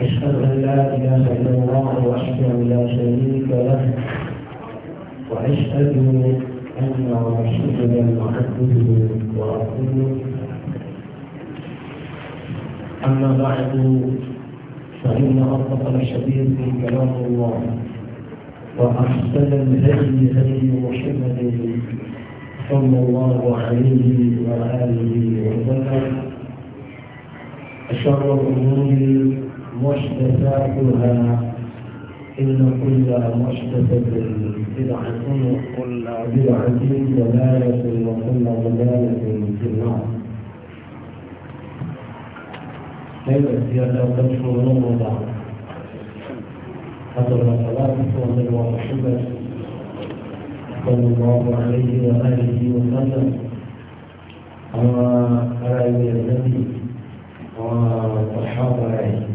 أشهد أن لا إله إلا الله وأشهد أن لا شريك له وأشهد أن محمدا عبده ورسوله أما بعد فإن أصدق الحديث كلام الله وأحسن الهدي هدي محمد صلى الله عليه وآله وسلم شر الأمور محدثاتها إن كل محدثة بدعة وكل بدعة ضلالة وكل ضلالة في النار كيف زيادة وتشكر رمضان حضر الصلاة والسلام على محمد صلى الله عليه وآله وسلم أما على النبي وصحابة يعني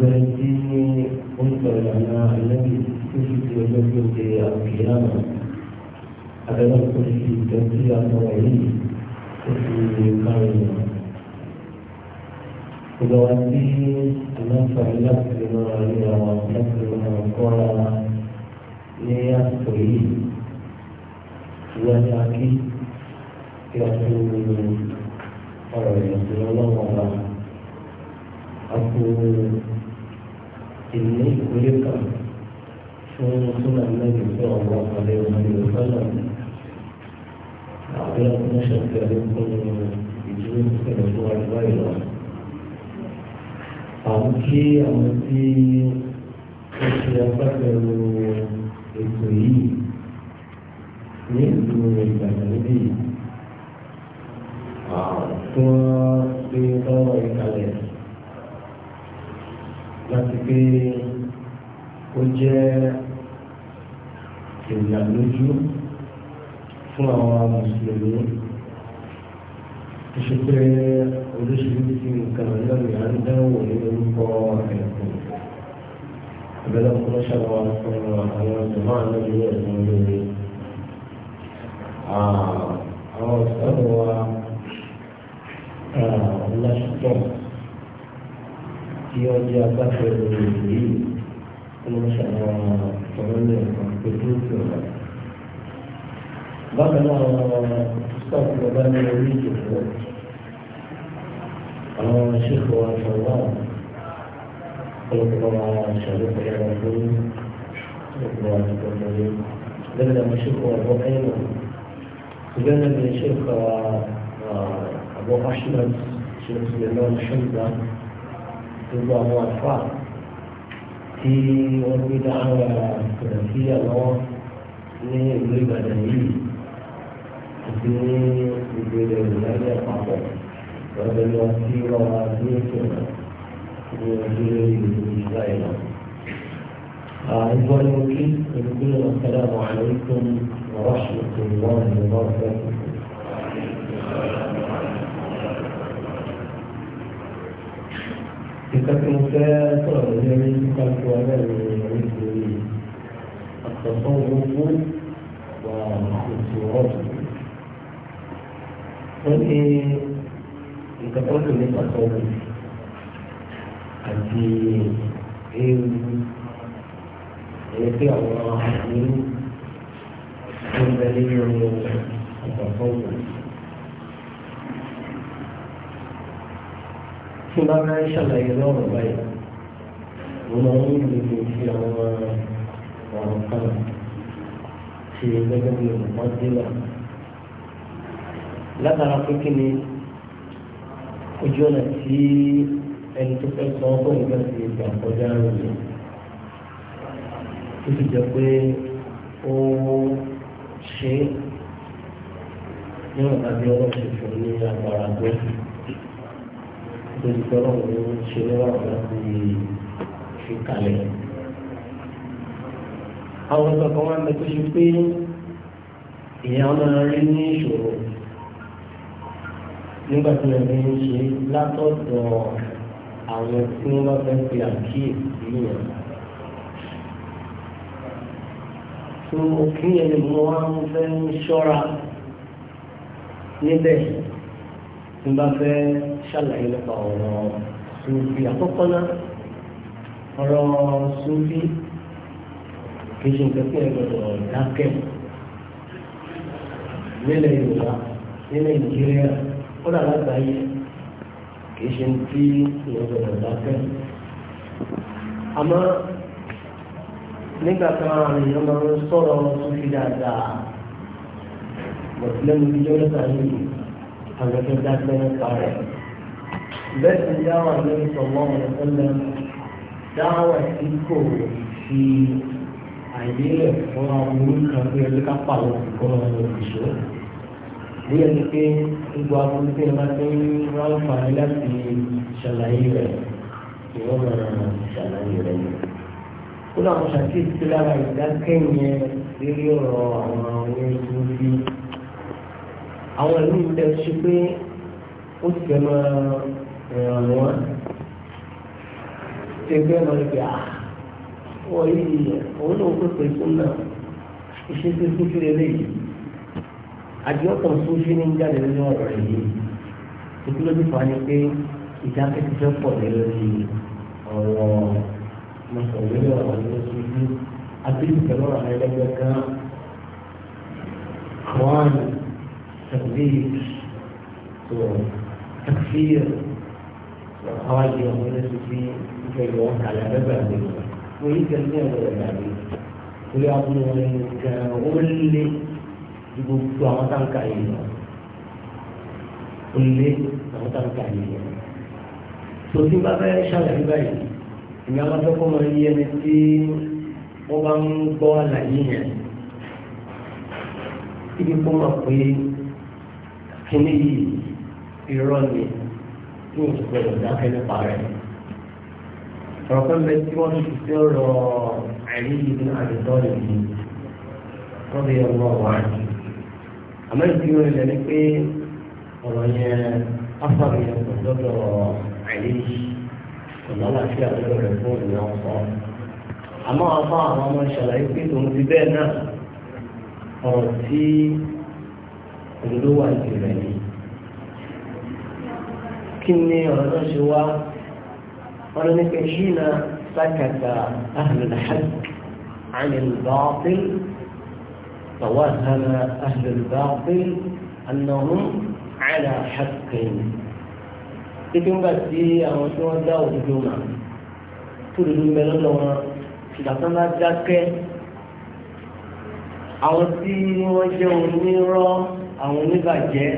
لكني قلت لنا الذي كنت يجب في القيامة هذا يدخل في تنزيل التوحيد في قائمة وجوابه النفع لك لما هي ولك لما قال ليأكل ولكن يأكل ọ̀rọ̀ ìrìnàjò ọlọ́wọ́ wa àpò ìní ìkórè kan fún súnà mẹ́rin sí ọ̀wọ́ àlẹ́ òmìnir ìfọ́nà àwọn ọkùnrin ṣàfihàn lẹ́kùn ìdúró pẹ̀lú fún àdúrà ìlọ. àwọn kí àwọn tí ó ṣe agbábẹ̀rù ètò yìí ní ìlú Ìbàdàn níbí yìí tí wọ́n gbé lọ́wọ́ yìí kalẹ̀ láti pé ó jẹ́ ìlànàjú fún àwọn mùsùlùmí tó ṣe pé oríṣiríṣi nǹkan lọ́nà à ń dáwọ̀ ní orúkọ ẹ̀kọ́ abẹ́lẹ́ ọkùnrin ṣàlàwà fún àwọn ìjọba náà ní ẹ̀sán lórí àwọn ìṣàlùwà lásìkò tí ọjọ́ agbáfẹ́rẹ́ yìí olùsọ̀rọ̀ ọ̀rọ̀ lè kàn tó ti ọ̀rọ̀. bákan náà sọ́ọ̀tù bàbá ní orí ìjòkó àwọn ṣèkò àṣọwọ́ olùkọ́ àwọn ṣàlùkọ́ pẹ̀lú ọdún olùkọ́ àwọn ṣèkò pẹ̀lú lẹ́yìn àwọn ṣèkò ọ̀rọ̀ ẹ̀yìn lọ. ìgbẹ́ni ṣèkò وأحمد شيخ سليمان حمزة gbogbo àwọn àfa في wọ́n gbé dáhùn kìrìtìyà lọ́wọ́ ní ìlú Ìbàdàn yìí àti ní gbogbo ilẹ̀ ìlànà àpapọ̀ lọ́dọ̀ lọ sí ọ̀rọ̀ ní ètò ní ojú ìlú Israẹl. Ìjọ ni mo kí olùkúlù ọ̀sẹ̀dá wà lórí fún ọ̀rọ̀ ṣètò ìwọ̀n ìwọ̀n ìfẹ́ nǹkan tí mo fẹ́ sọ̀rọ̀ lórí nípa tí wọ́n bẹ̀rẹ̀ lórí lórí àtọ̀tọ̀ owó wà ètò ọ̀dùn. wọ́n ní nǹkan tó dùn nípa tọ́wọ́ àti ewu èyí tí àwọn àmì tó ń bẹ nínú àtọ̀tọ̀ owó. tí bá máa ń ṣàlàyé lọ́rọ̀ báyìí mo máa ń lò ó sí àwọn ọ̀rọ̀ kan ṣe gẹ́gẹ́ bí olùkọ́ dínà látara pé kí ni ojú ọ̀nà tí ẹni tó fẹ́ sọ ọ́ fún ìgbà tí ìgbà kọjá rẹ̀ yìí tó ti jẹ́ pé ó ṣe é níwọ̀n tàbí ọlọ́run ṣe fún ní agbára gbẹ́sì lórí tọ́lọ́ ló ń ṣe lọ́wọ́ láti fi kalẹ̀. àwọn kankan wá ń bẹ tó ṣe pé ìyá máa rí ní ìṣòro nígbà tí wọ́n fi ń ṣe látọ̀dọ̀ àwọn tí wọ́n bá fẹ́ fi àkíyèsí yẹn. tó kí ẹni mo wá ń fẹ́ ṣọ́ra níbẹ̀ tí wọ́n bá fẹ́ ṣàlàyé nípa ọ̀rọ̀ sufi àkọ́kọ́ náà ọ̀rọ̀ sufi kì í ṣe nǹkan tí ẹ gbọdọ̀ dákẹ́ nílẹ̀ Yorùbá nílẹ̀ Nàìjíríà ó dà lágbàáyé kì í ṣe ń tí ìyẹn gbọdọ̀ dákẹ́ àmọ́ nígbà kan àwọn èèyàn máa ń sọ̀rọ̀ sufi dáadáa mọ̀tílẹ́nu ìjọba yìí àwọn ẹgbẹ́ dákẹ́ nípa rẹ̀ bẹ́ẹ̀ sì dáwà lórí sọ̀mọ́ ọ̀sẹ̀lẹ̀ dáwà tí kò fi àìlélẹ̀ fún àwọn orúkọ tó yẹ ká pa àwọn olùkọ́ olùṣọ́ bóyá ni pé gbogbo àwọn tí ẹ bá ti ń ráńfà láti ṣàlàyé rẹ̀ ìwọ́n máa ṣàlàyé rẹ̀ yìí ó láwọn ṣàkíyèsí lára ìdákẹ́yìn lórí ọ̀rọ̀ àwọn oníṣòwò àwọn ìlú ìtẹ̀ ṣe pé ó ti fẹ́ máa ìrànwọ́ ẹgbẹ́ mọ̀lẹ́bí à wọ́n yìí òun náà kó pè fún náà iṣẹ́ tó kú sí eléyìí àjọpọ̀ sófin ní jáde nínú ọ̀rọ̀ yìí ìdúrójú fa ni pé ìdákẹ́kẹ́ pọ̀ lórí ọ̀rọ̀ mọ̀sọ̀lẹ́lẹ́ ọ̀rọ̀ lóṣooṣù àbíkẹ́ lọ́rọ̀ ẹlẹ́gbẹ́ kan àwọn àmì tẹ̀lé tó tẹ̀fíìrì. àwọn àjẹ ọmọ ní sísí ìfẹ̀yọ̀ àlẹ́ abẹ́bẹ̀ àgbẹ̀ wọ́n yí kẹ́lí ní ẹ̀rọ ẹ̀dá mi orí abúlé wọn ní gan ó lé ju gbogbo àwọn táǹkà yìí lọ ó lé àwọn táǹkà yìí lọ tòtí bá fẹ́ ṣàlàyé báyìí ìyá bá fẹ́ kọ́ mọ iye ẹni tí wọ́n bá ń gbọ́ àlàyé yẹn ibi kó mọ̀ tí o gbẹdọ̀ dákẹ́ nípa rẹ̀. ọ̀rọ̀ pẹ́ mẹ́ tí wọ́n ti fi ọ̀rọ̀ àìní yìí ní àdìsọ́ rẹ̀ yìí wọ́n fi ọ̀rọ̀ wá jù. àmọ́ ìdí wọn lẹ́ni pé ọ̀rọ̀ yẹn afọ́rọ̀ yẹn kò lọ́dọ̀ àìní yìí kò lọ́la sí àdúgbò rẹ̀ fún ìyá ọ̀sọ́. àmọ́ afọ́ àwọn ọmọ ìṣàlàyé pé tòun ti bẹ́ẹ̀ náà ọ̀rọ̀ tí òdodo wà ní ìrẹ̀lẹ̀ kí ni ọ̀rọ̀ náà ṣe wá ọ̀rọ̀ nípa ṣína sákàtà ahlùlhàk ànìlbàáfíl tọ̀wọ́sánà ahlùlbàáfíl annahum ala haqqin títí ńgbà tí àwọn tí wọ́n dá òdodo mà tó dodo ń bẹ lọ́dọ̀ wọn ìdàtàn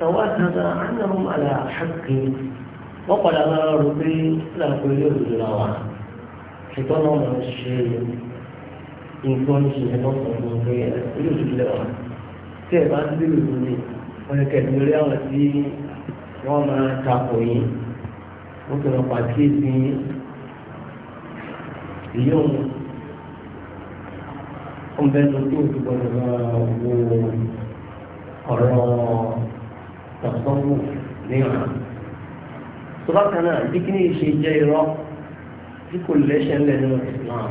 تواتر أنهم على حق وقال أنا ربي لا كل يوم ṣùgbọ́n náà máa ń ṣe nǹkan ṣe lọ́sọ̀rọ̀ pé ẹ̀rọ ìlẹ̀ wa tí ẹ̀ bá ń bèrè fún mi wọ́n kẹ́ ní orí àwọn tí wọ́n máa takò yín wọ́n kẹ́ lọ pàkíyèsí ìyóhùn ọ̀bẹ́ni tó ti gbọ́dọ̀ máa wo ọ̀rọ̀ aburú mìíràn tó bá kan náà bí kíní ṣe jẹ́ irọ́ tí kò lẹ́sẹ̀ ńlẹ̀ nínú Islam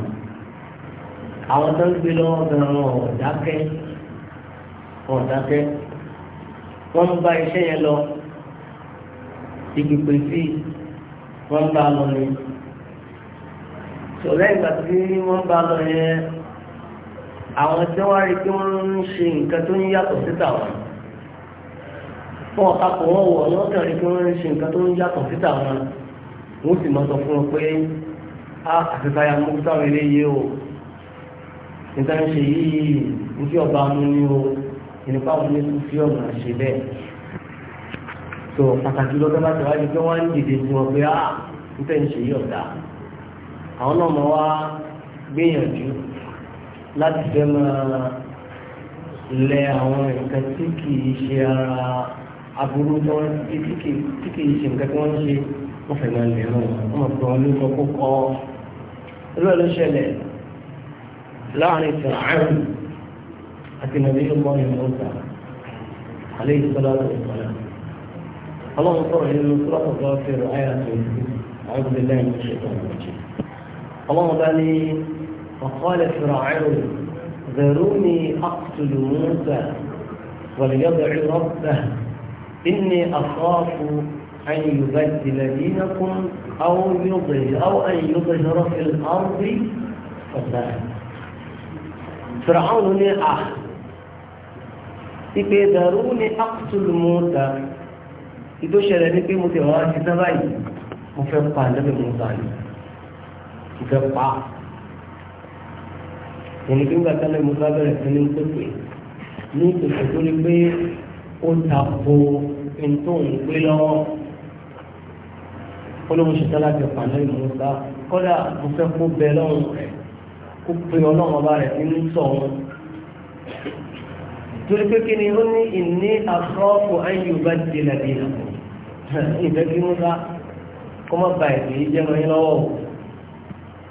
àwọn tó ń gbé lọ́wọ́ gan-an ọ̀dákẹ́ ọ̀dákẹ́ wọ́n ń bá iṣẹ́ yẹn lọ ìpèpè sí wọ́n ń bá lọ ni sọ̀rọ̀ ìgbà tí wọ́n bá lọ yẹn àwọn tí wọ́n rí pé wọ́n ń ṣe nǹkan tó ń yàtọ̀ síta wọn wọn ọ̀tá kò wọ́n wọ̀ ní wọ́n kàn rí pé wọ́n ń ṣe nǹkan tó ń yàtọ̀ síta wọn wọ́n sì máa sọ fún wọn pé a àfẹ́fẹ́ ya mú sáwọn eléyìí o nígbà ń ṣe yìí níbi ọba mú ní o ìnípa wọn ní kú sí ọ̀nà ṣe bẹ́ẹ̀ tó pàtàkì lọ́dọ́ bá ti di pé wọ́n ń dìde sí wọn pé a nígbà ń ṣe yìí ọ̀dà àwọn náà mọ̀ wá gbìyànjú láti fẹ́ máa lẹ àwọn nǹkan tí kì í ṣe ara aburú tí wọ́n ti tí kì í ṣe nǹkan tí wọ́n ń ṣe wọ́n fẹ́ máa lè rán wọn mọ̀ pé wọ́n ló sọ kó kọ́ ọ́ lọ́ọ̀ ló ṣẹlẹ̀ láàrin fìràhàn àti nàbí ọgbọ́n ní ọ̀sà alẹ́ ìṣọ́lá ọ̀sán ọlọ́run sọ̀rọ̀ nínú sọ́lọ́tọ̀ tó fẹ́ràn ayé àti òṣèlú àwọn ọmọdé lẹ́yìn ìṣẹ̀tọ̀ ọ̀jẹ̀ ọlọ́run bá ní وقال فرعون ذروني أقتل موسى وليضع ربه inni akhafu an yubaddila dinakum aw yudhhir aw an yudhhira fil ardi fasad fìràwọn ní a ìpè dàrú ní aqtul Musa ìtò ṣẹlẹ̀ ní pé mo ti wá sí sábà yìí mo fẹ́ pa lẹ́bẹ̀ Musa ni mo fẹ́ pa ẹni pé nígbà tẹ́lẹ̀ Musa bẹ̀rẹ̀ sí ní pépè ní ìpèsè tó ní pé ó ta ko tó ń gbé lọ́wọ́ olóhùn ṣetán láti pàdé ìmúlá kọ́dà mo fẹ́ kó bẹ lọ́rùn rẹ̀ kó pe ọlọ́run ọba rẹ̀ nínú sọ̀rọ̀ torí pé kí ni ó ní ìní àkọ́kù ayélujára ti lè dé ìfẹ́ kí múlá kó má ba ìdè jẹ́ mọ́ yín lọ́wọ́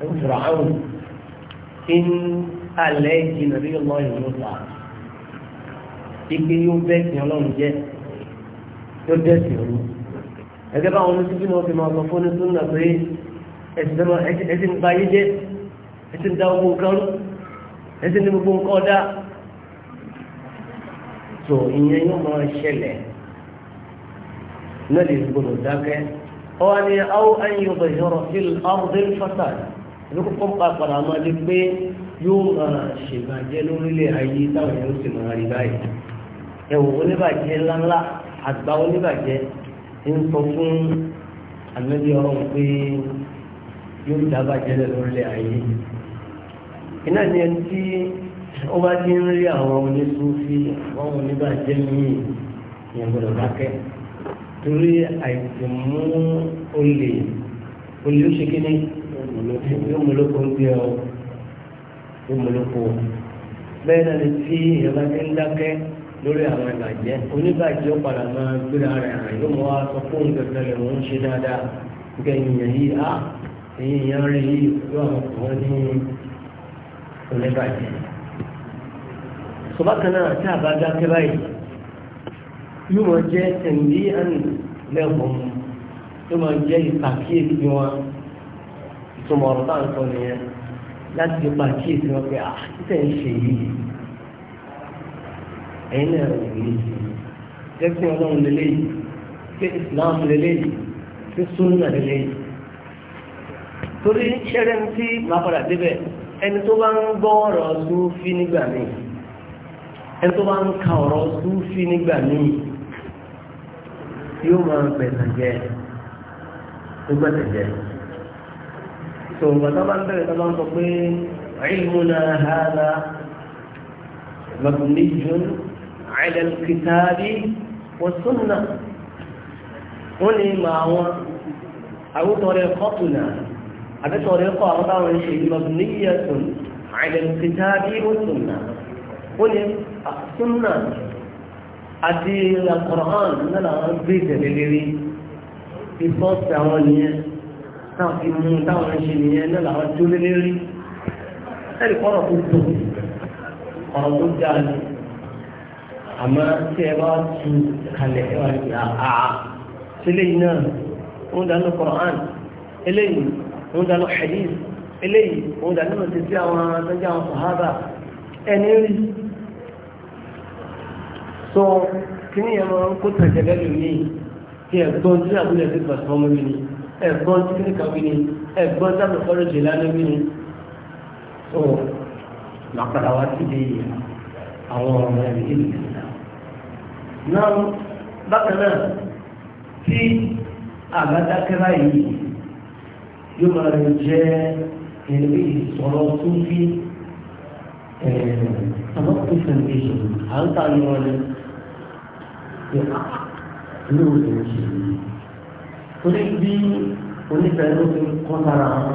ẹ̀ ń sọ̀rọ̀ àwọn in alẹ́ ìjìnlẹ̀ bí ọlọ́run ìmúlá ìgbé yóò bẹ́ẹ̀ sìn ọlọ́run jẹ́ yóò dẹ́sì òun ẹgbẹ́ bá wọn títí wọn fi máa sọ fún ní súnà pé ẹsìn ń ba yé jẹ́ ẹsìn ń da ogun nǹkan rú ẹsìn ní gbogbo nǹkan ọ̀dá tó ìyẹn yóò máa ṣẹlẹ̀ náà lè gbọdọ̀ dákẹ́ ọwọ́ ni àwọn ẹ̀yìn ọ̀bẹ̀ yọrọ̀ sí ọ̀rọ̀dẹ́ fásitì ẹ̀mí kò fọ́n pa padà máa di pé yóò máa ṣèbàjẹ́ lórílẹ̀ ayé táwọn èèyàn sì máa rí báyìí ẹ̀wọ̀n oníbàjẹ́ ńláńlá àgbà oníbàjẹ́ ń sọ fún ànábì ọlọ́run pé yóò dábàjẹ́ lórílẹ̀ ayé iná ni ẹni tí ó bá ti ń rí àwọn onísúfí àwọn oníbàjẹ́ míì ìyẹn gbọdọ̀ dákẹ́ torí àìsàn mú olè olè ó ṣe kíní yóò mú lóko ń gbé ọ yóò mú lóko bẹ́ẹ̀ náà ni tí ìyẹn bá ti ń dákẹ́ lórí àwọn ìbàjẹ́ oníbàjẹ́ ó padà máa gbéra rẹ̀ hàn yóò mọ́ wá sọ fún ìgbẹ̀fẹ́ rẹ̀ wọ́n ń ṣe dáadáa nígbà ènìyàn yìí á èyí ìyá rẹ̀ yìí yóò àwọn ọ̀pọ̀ ní oníbàjẹ́. sọ́bákan náà tí a bá dákẹ́ báyìí yóò máa jẹ́ tẹ̀lé àná lẹ́kọ̀ọ́ yóò máa jẹ́ ìpàkíyèsí wọn ìtumọ̀ ọ̀rọ̀ táà ń sọ nìyẹn láti ìpàkíyèsí wọn pé à ẹ̀yin náà rẹ̀ yìí jẹ́sìn ọlọ́run lélẹ́yìí ṣé islam lélẹ́yìí ṣé sunna lélẹ́yìí torí ṣẹ́rẹ́ ní tí máa padà débẹ̀ ẹni tó bá ń gbọ́ ọ̀rọ̀ súfí nígbà míì ẹni tó bá ń ka ọ̀rọ̀ súfí nígbà míì yóò máa bẹ̀rẹ̀ jẹ́ tó ń gbàtà bá bẹ̀rẹ̀ tó bá ń sọ pé ilmuna hada mabniyun على الكتاب والسنة وني ما هو أو طريقتنا هذا طريقة أربعة مبنية على الكتاب والسنة وني السنة àti Al-Qur'an náà wọ́n gbé ìtẹ̀lẹ̀ lérí ìfọ́sí àwọn nìyẹn náà fi mú táwọn ṣe nìyẹn náà làwọn tó lé lérí ẹ̀rì kọ́rọ̀ tó tó ọ̀rọ̀ tó dáa ni àmọ́ tí ẹ bá tu kalẹ̀ ẹ wà ní àá sílẹ̀ náà ń dáná Qur'an eléyìí ń dáná hadith eléyìí ń dáná lọ́sẹ̀ sí àwọn àtọ́jú àwọn sàhábà ẹni rí so kí ni ẹ̀rọ kó tẹ̀sẹ̀ lẹ́nu mi kí ẹ̀gbọ́n tí àbúlé ẹ̀sìn pàṣẹ ọmọ mi ni ẹ̀gbọ́n tí kìnìkan mi ni ẹ̀gbọ́n tí àbúlé ọ̀rọ̀ jẹ̀ lánàá mi ni so màá padà wá síbi àwọn ọmọ ẹ̀mí yìí náà bákanáà tí àbádákẹ́rà yìí yóò máa rẹ̀ jẹ́ ẹ̀rí ìsọ̀rọ̀ súnfí ẹ̀ẹ́dẹ́gbẹ̀sẹ̀gbẹ̀sẹ̀ à ń tàn wọn ni pé lóòótọ́ ṣe yìí torí bí onífẹ̀ẹ́ ló ti kọ́ sára wọn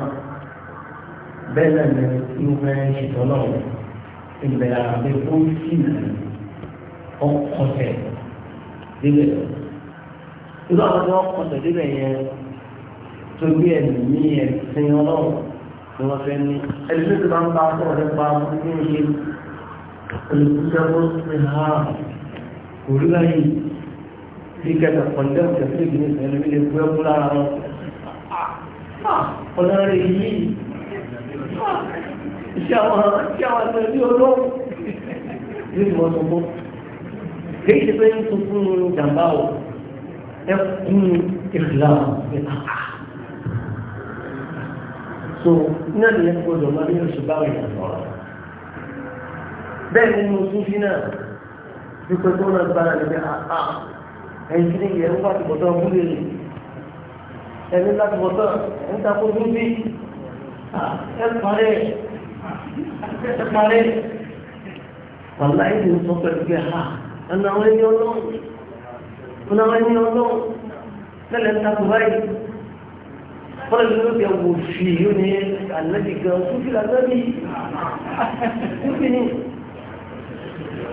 bẹ́ẹ̀ náà ni inú fẹ́ ṣètọ́ náà ìgbẹ̀rẹ̀ àbẹ̀kọ́ sí ọkọ̀ tẹ̀ débẹ̀ irú àwọn tí wọ́n kọsẹ̀ débẹ̀ yẹn torí ẹ̀mí ẹ̀sìn ọlọ́run ni wọ́n fẹ́ ní ẹni tó ti máa ń bá sọ̀rọ̀ nípa ní ṣe olùkúṣẹ́wọ́ ní ha kò rí láyé bí kẹta kọ̀ǹdẹ́ òṣèlú ìgbìmọ̀ ìṣẹ̀lẹ̀ mi lè gbé ọkú lára wọn ah, ọlọ́rẹ̀ yìí iṣẹ́ ah, àwọn iṣẹ́ àwọn ẹgbẹ́ bí olóhùn ní mọ́ kì í ṣe pé ń tuntun jàmbá o ẹ kún ìlà ìpàkà so náà ni ẹ gbọ́dọ̀ máa ní oṣù báwọn èèyàn sọ̀rọ̀ bẹ́ẹ̀ nínú súnfí náà wípé tó náà gbára níbi àá ah, ah, ẹ̀yìn tí ìyẹn ń bá ti bọ̀tọ̀ múlẹ̀ rẹ̀ ẹni láti bọ̀tọ̀ ń takò súnfí ah, ẹ parẹ́ ẹ parẹ́ wàláyé ló ń sọ pẹ̀lú pé ha ọ̀nà àwọn ẹni ọlọ́run ọ̀nà àwọn ẹni ọlọ́run lẹ́lẹ̀ ń takò báyìí ní ànábì tó fi lànàbì tó fi ní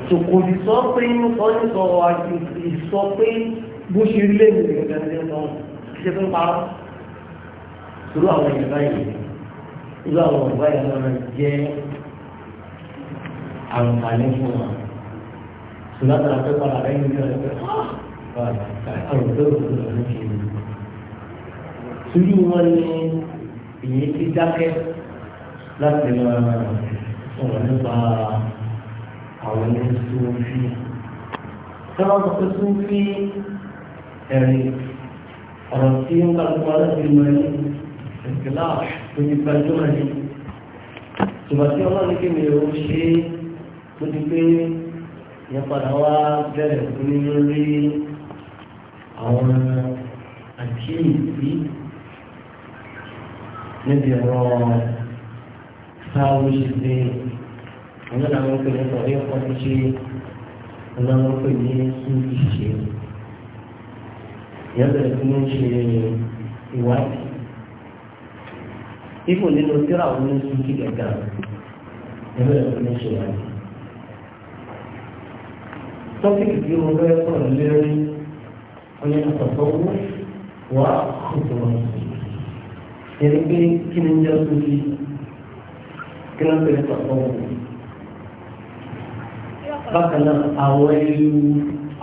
tòkòdì sọ pé ń sọ ní sọ àjòjì sọ pé bó ṣe rí lẹ́nu látara pé padà rẹ̀ ini. rẹ̀ pé àrùn tó kù lọ́dún kì í. orang wọn ni èyí ti dákẹ́ láti lọ sọ̀rọ̀ nípa àwọn ẹni sùúrù. Sọ́lá sọ pé sùúrù ẹ̀rí ọ̀rọ̀ tí ó ká lọ́pọ̀ láti mọ ẹni ìgbìlá ni. Tùbàtí ọlọ́run kí yẹn padà wá bẹ̀rẹ̀ fún ní lórí àwọn àkíyèsí níbi ọ̀rọ̀ sáwọ́ ṣíṣe ọ̀nà làwọn ń pè ní sọ̀rọ̀ yẹn kọ́ ṣe ọ̀nà làwọn ń pè ní sùúrù ṣe yẹn bẹ̀rẹ̀ fún ní ṣe ìwádìí ipò nínú tíra òun ní sùúrù gẹ̀gà yẹn bẹ̀rẹ̀ fún ní ṣe ìwádìí tọ́pìkì tí mo fẹ́ sọ̀rọ̀ lérí ọyẹ àtọ̀tọ̀wọ́ wà kòtòrò ẹni pé kí ni jẹ́ sórí kí ló ń pè ní tọ̀tọ̀wọ́. bákan náà àwọn ẹlú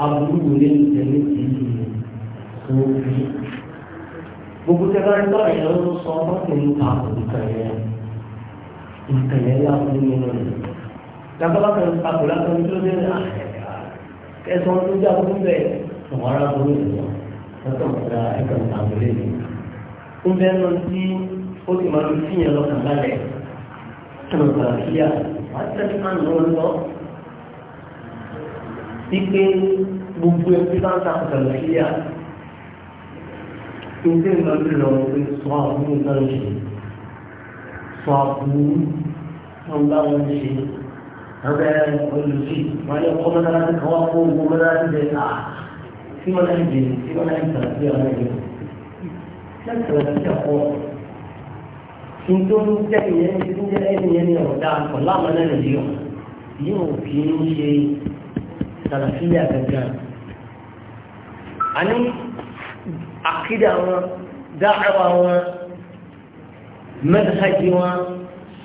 aburú lè ń tẹ̀lé ìlú sórí. gbogbo tẹ́lá ń bá ìyá ló sọ ta nǹkan yẹn nǹkan yẹn láti nínú rẹ̀. dábàá kan takò látọ̀ nítorí náà kẹsàn-án tó dá fún bẹ́ẹ̀ àwọn ará burú ìwọ̀n lọ́tọ̀ ọ̀gá ẹ̀kọ́ ìtàgbélé mi. ó bẹ́ẹ̀ lọ sí ó ti máa ń fìyàn lọ́kàn lálẹ́ ọ̀nà kàlàfíà wà á tẹ́lẹ̀ máa ń lọ lọ. wípé gbogbo ẹbí bá ń ta kàlàfíà ìdí ìlọ́jú lọ pé sọ àbúrò náà ṣe sọ àbúrò náà bá wọn ṣe. هذا والمسيح وأن يقوم لنا بالكواكب ومنا في مناهج في مناهج في مناهج لا تنسى قوة tuntun jẹ́ ìyẹn ti tún jẹ́ ẹ̀yìn ní ọ̀dá ọ̀làmọ́ náà lè yọ yóò kí ń ṣe sàlàfíà gangan. a ní àkídà wọn dáhàwà wọn mẹ́tàkì wọn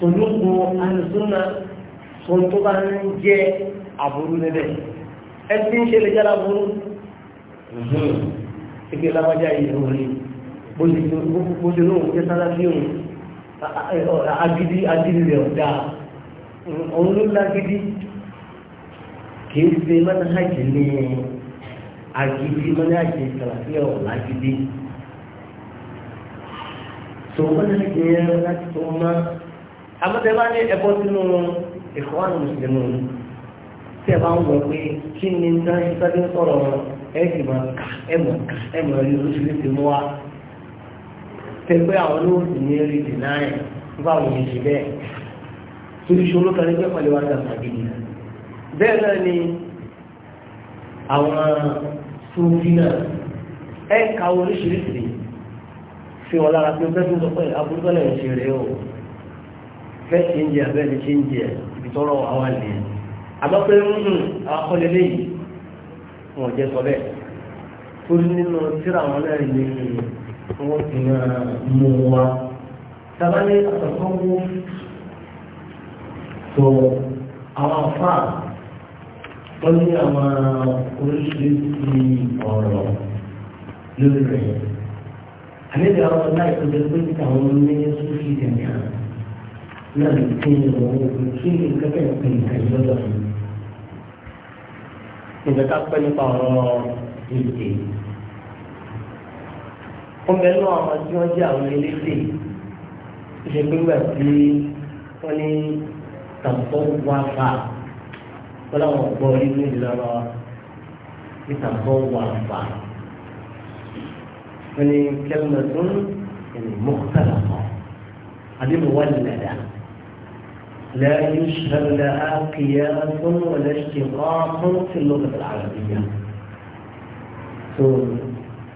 olóko alùsùnà tó ń tó bá ń jẹ́ àbúrú níbẹ̀ ẹ ti ń ṣe lè jẹ́ láburú ìgbé mhm. lábájá ìlú rí bó ṣe lóun jẹ́ sára sí òun agidi agidi rẹ̀ ọ̀dà òun ló lágidi kì í ṣe mọ́náhàjì ní ìkọ́nù mùsùlùmí tí ẹ bá ń wọ pé kí ni ní sábẹ́ sọ̀rọ̀ ẹ sì máa kà ẹ mọ̀ kà ẹ mọ̀ rí oríṣiríṣi mú wa tẹ pé àwọn olóòtú ní rí dìnnáì nípa àwọn èèyàn ṣe bẹ́ẹ̀ torí ṣòro kan ní pẹ́ pẹ̀lú wa dàgbà gidi bẹ́ẹ̀ náà ni àwọn sunfi náà ẹ ka oríṣiríṣi fi wọn lára pé bẹ́ẹ̀ tó sọ pé aburú tó ń ṣe rèé o bẹ́ẹ̀ ṣe ń jẹ abẹ́ẹ̀ ni ṣe ń jẹ ìtọ́rọ àwọn àlè àmọ́ pé ń hmm, dùn hmm, àwọn akọ́lé léyìí wọn ò jẹ́ sọ bẹ́ẹ̀ torí nínú tíra àwọn náà ní wọ́n ti mú wa sábà ní àtọ̀kọ́ wó tó àwọn afá wọ́n ní àwọn oríṣiríṣi ọ̀rọ̀ lórí rẹ̀ àlejò àwọn ọ̀la ìtọ́jú pé àwọn oníṣòwò ìdẹ̀mí àná náà lè pín ìwọ̀n ogun kí nǹkan tẹ̀ ń pè ní àyílọ́dọ̀ yìí. Ìgbà ká pẹ́ nípa ọ̀rọ̀ èdè. Ó bẹ náà àwọn tí wọ́n jẹ́ àwọn elédè. Ṣé gbígbà tí wọ́n ní tàbọ̀ wá fà wọ́n láwọn gbọ́ inú ìlọ́rọ̀ ní tàbọ̀ wá fà. Wọ́n ní kẹ́lẹ́mẹ̀tún ẹni mọ́kútàlá kan. àbí mo wà nílẹ̀ dáa. لا يشهد لها قياس ولا اشتقاق في اللغة العربية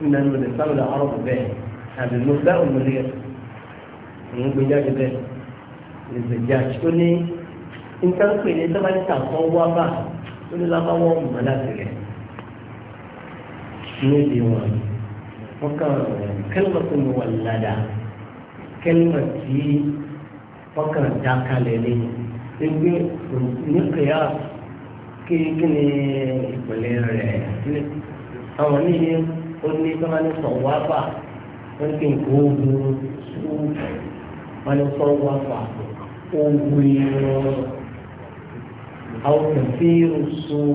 من الإسلام العرب به هذا المبدأ المدير المبدأ به الزجاج ó إن كان في ní كان ní tàkàn wá bá ó ní lábáwọ́ mọ̀ láti rẹ̀ ní èdè fọ́kàn dákalẹ̀ ni gbígbé nípìyà kí ni ìpìlẹ̀ rẹ̀ àwọn oníyẹ ó ní báwa ní sọ̀wáfà wọ́n kì í kó ogun sùúrù wọ́n ní sọ̀wáfà ogun irun àwọn kẹfìrù sùn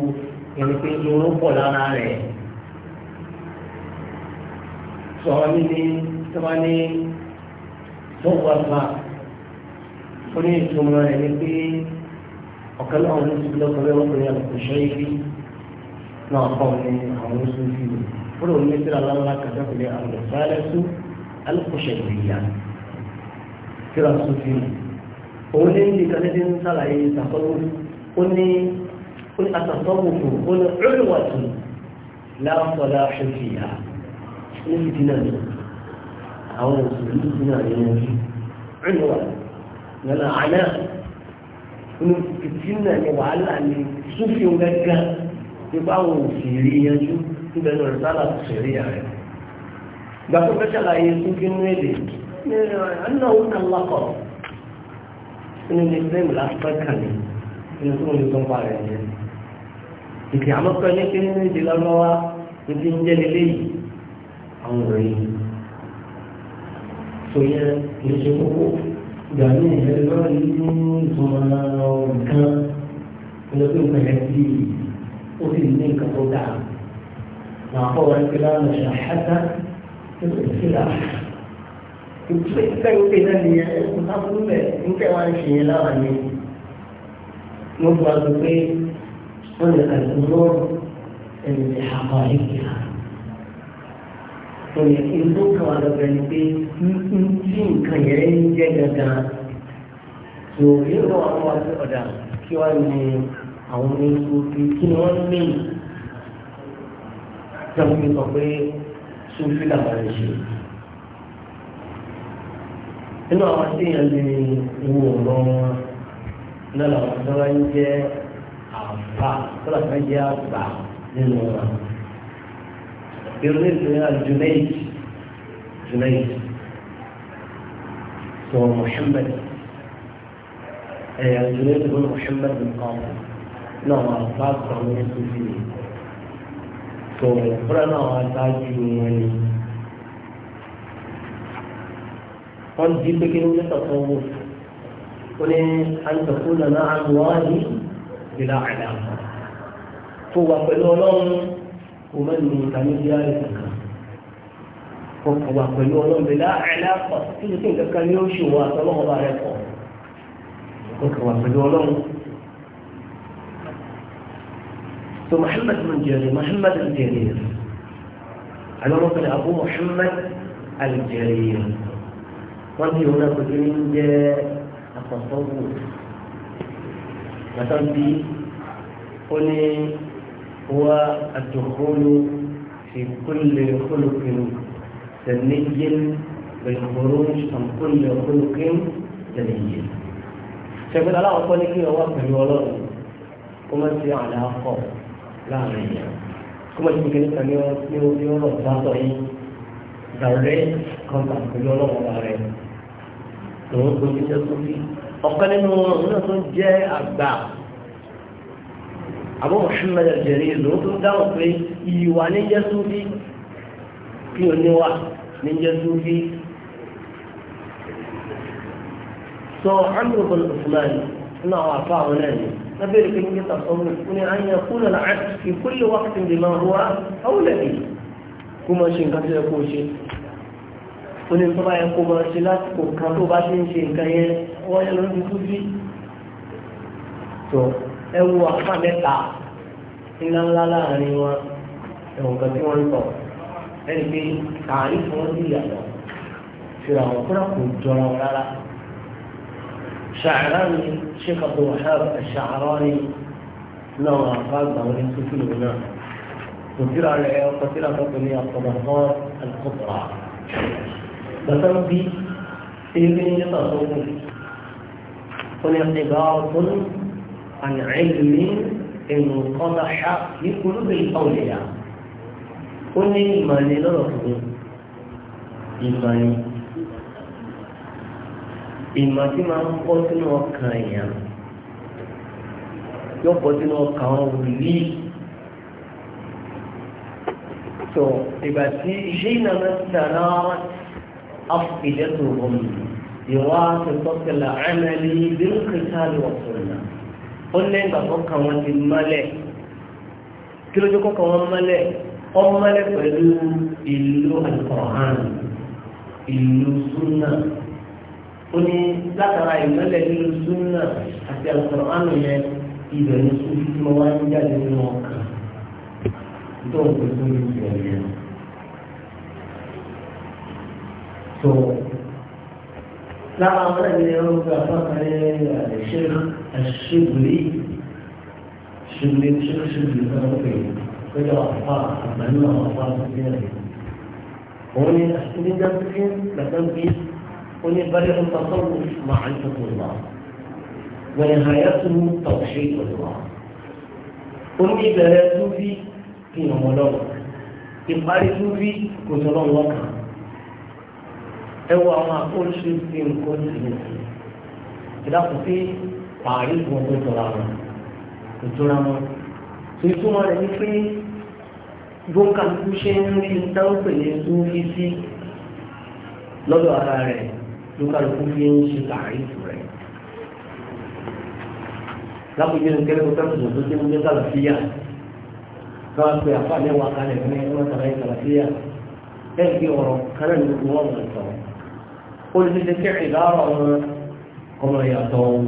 ẹni pé irun pọ̀ lára rẹ̀ sọ̀rọ̀ mi ní sọ́wọ́ ní sọ̀wáfà ó ní ìtumọ̀ rẹ̀ ní pé ọ̀kan náà ní ti lọ́kọ̀ bẹ́ẹ̀ wọ́n pè ní àlùkòṣẹ́ ibi náà kọ́ ní àwọn oṣù fi lò fúnra òní sí ra lọ́la kàtà pé àlùfáàlẹ́sù àlùkòṣẹ́ ìgbìyà kíra oṣù fi lò òun ní ní kàlẹ́dẹ́ ń sàlàyé ìtàkọ́lù ó ní àtàtọ́wòfò ó ní ọ̀rẹ́wàtò láàpọ̀lá ṣèkìyà ní fìdí náà ní àwọn oṣù fìdí náà ní ọjọ́ ọ̀rẹ́wàtò yẹn náà àná inú ni wàhálà ni sófin gángan nípa àwọn òṣèré yanjú níbẹ̀ ní ọ̀rẹ́ sálà òṣèré rẹ̀ gbàtọ́ fẹ́ ṣàlàyé sófin nú èdè ẹ̀nà òun kan lákọ̀ inú ní sẹ́yìn lásán kan ní inú tó ń lè tó ń parẹ́ ẹ̀jẹ̀ ìdí àmọ́kọ́ ní pé nínú èdè lọ́wọ́ ní ti ń jẹ́ lélẹ́yìí àwọn òṣèré yìí tó yẹ kì í ìgbàmí ìyẹn náà nínú ìtura nǹkan olóògbé nǹkan yẹn ti ó sì ní nǹkan tó dáa màá kọ́ wọn pé láwọn ọ̀sẹ̀ àṣàtà tó tó ti rà ìtura ìtura yóò pè náà nìyẹn ẹ̀kún náà fún bẹ́ẹ̀ nǹkẹ́ wá ń ṣe yẹn láwọn ni mo gbà pé wọ́n lè kàlùkù lọ́rùn ẹ̀yìn ìhàkọ́ àyíkì sọ̀rọ̀ kí n tó kàn wá lọ́gbẹ̀ ni pé n tí nǹkan yẹn ń jẹ́ dandan tó yóò lọ àwọn wá sí ọ̀dà kí wá ní àwọn oníṣòwò kí ni wọ́n lè jẹun fi sọ pé sófì làwọn ń ṣe. nínú àwọn tí èèyàn lè wo ọ̀rọ̀ náà làwọn tó wá ń jẹ́ àbá tó làwọn jẹ́ àbá nínú wọn. بالرزق الجنيد جنيد هو محمد الجنيد إيه، هو محمد بن قاسم نوع قاسم من السوسيين هو القرآن هو وعتاجي ومني قال جيب كلمة تصوف قل أن تكون مع الله بلا علاقة هو في الأولون kò mọ́ ní ìtàníjáre kankan ọkọ̀ wà pẹ̀lú ọlọ́mọdé láàrín àpọ̀ tí o sì ń kankan ní oṣù wa àtọ́lọ́mọba rẹ̀ pọ̀ ọkọ̀ wà pẹ̀lú ọlọ́run. تو محمد بن جرير محمد الجرير على مطلع أبو محمد الجرير وفي هناك من جاء التصوف وتنبي قل هو الدخول في كل خلق سني بالخروج عن كل خلق سني ṣẹ̀gbọ́n aláwọ̀kọ́ ní kí ọwọ́ pẹ̀lú ọlọ́run kó má sí àlàáfọ̀ láàrin yẹn kó má sí kí nípa ní ọ̀rọ̀ ìbátọ̀ yìí direct contact pẹ̀lú ọlọ́run ọba rẹ̀ lòun kò ní sẹ́kùn sí ọ̀kan nínú òun náà tó jẹ́ àgbà Abu Muhammad al-Jalil ló tún dáhùn pé ìwà ní jẹ́ súnfí kí o níwà ní jẹ́ súnfí sọ Amr bin Uthman nínú àwọn àfa àwọn náà ni wọ́n bèèrè pé níjẹ́ tàbí ní àyẹ̀ kúrò láàá fi kulli waqtin bima huwa awla bihi kó máa ṣe nǹkan tó yẹ kó ṣe ó ní tó bá yẹ kó máa ṣe lásìkò kan tó bá ṣe ń ṣe nǹkan yẹn wọ́n ẹwu àfa mẹ́ta ńlá ńlá láàrin wọn ẹ̀wọ̀n kan tí wọ́n ń sọ ẹni pé kàárí fún wọn sí ìyàtọ̀ fìrà wọn kúrò kò jọra wọn rárá ṣàárá ni sheikh abdulwahab ṣàárá ni náà wọn àfa àgbà wọn ní sókè lòun náà òtírà rẹ ọkọtírà tó pè ní àtọ̀bọ̀tán àtọ̀bọ̀tà bàtà bí ṣe ní nípa tó kù ó ní ẹgbẹ́ àwọn عن علم انقضح في قلوب الأولياء قل لي إيماني لرسول إيماني ìmọ̀ tí máa ń bọ́ sínú ọkàn èèyàn yóò bọ́ sínú ọkàn àwọn wòlíì tó ìgbà tí iṣẹ́ ìnáwó tààrà afidẹ́tò ọ̀hún ìwà àtẹ̀tọ́kẹ̀lá ẹ̀mẹ́lì bí ó kẹta lè náà ó ní ìgbà kọ́kàn wọn ti mọ́lẹ̀ kí ló jẹ́ kọ́kàn wọn mọ́lẹ̀ ọ mọ́lẹ̀ pẹ̀lú ìlú alukọ̀hán ìlú súnà ó ní látara ìmọ́lẹ̀ nínú súnà àti alukọ̀hán yẹn ibẹ̀ ní sùn tí mo wá ń jáde nínú ọkàn tó ń pè fún ìgbà yẹn lára àwọn ẹ̀mí ẹ̀rọ gbà fọ́nàrí àdìṣẹ́ àṣìṣẹ́gbìlì ṣùgbìn tí ó ṣùgbìn náà ń pè pẹ̀lú àpá àgbàlú àwọn àpá àgbàlú rẹ̀. òun ni àṣìṣẹ́gbìlì tí gbàgbọ́ bí ó ní bẹ́rẹ̀ ń bá sọ́wọ́ máa ń tó kùn wá. wọ́n yẹn ẹ wọ àwọn àkóńṣe sí nǹkan tìlú ìdákùn sí pààrí ìgbọ̀n tó jọra wọn tó jọra wọn tó ìtumọ̀ rẹ̀ ní pé gbọ́ǹkàkú ṣe ń rí dáńpẹ̀ ní sórí sí lọ́dọ̀ ara rẹ̀ lókàlùkù fi ń ṣe pààrí ìtù rẹ̀ lápòjẹ́ ní kẹ́lẹ́ kọ́kọ́ tó tó ń gbé kàlàfíà káwá pé àfààní wa kalẹ̀ fún ẹ̀ ẹ̀ máa tàbí kàlàfíà ẹ̀ ń gbé ọ̀rọ̀ kálẹ̀ ní gbogbo wọn sọ̀rọ̀ ó lè ṣe kí ìdárọ̀ wọn ọmọ ìyàtọ̀ wọn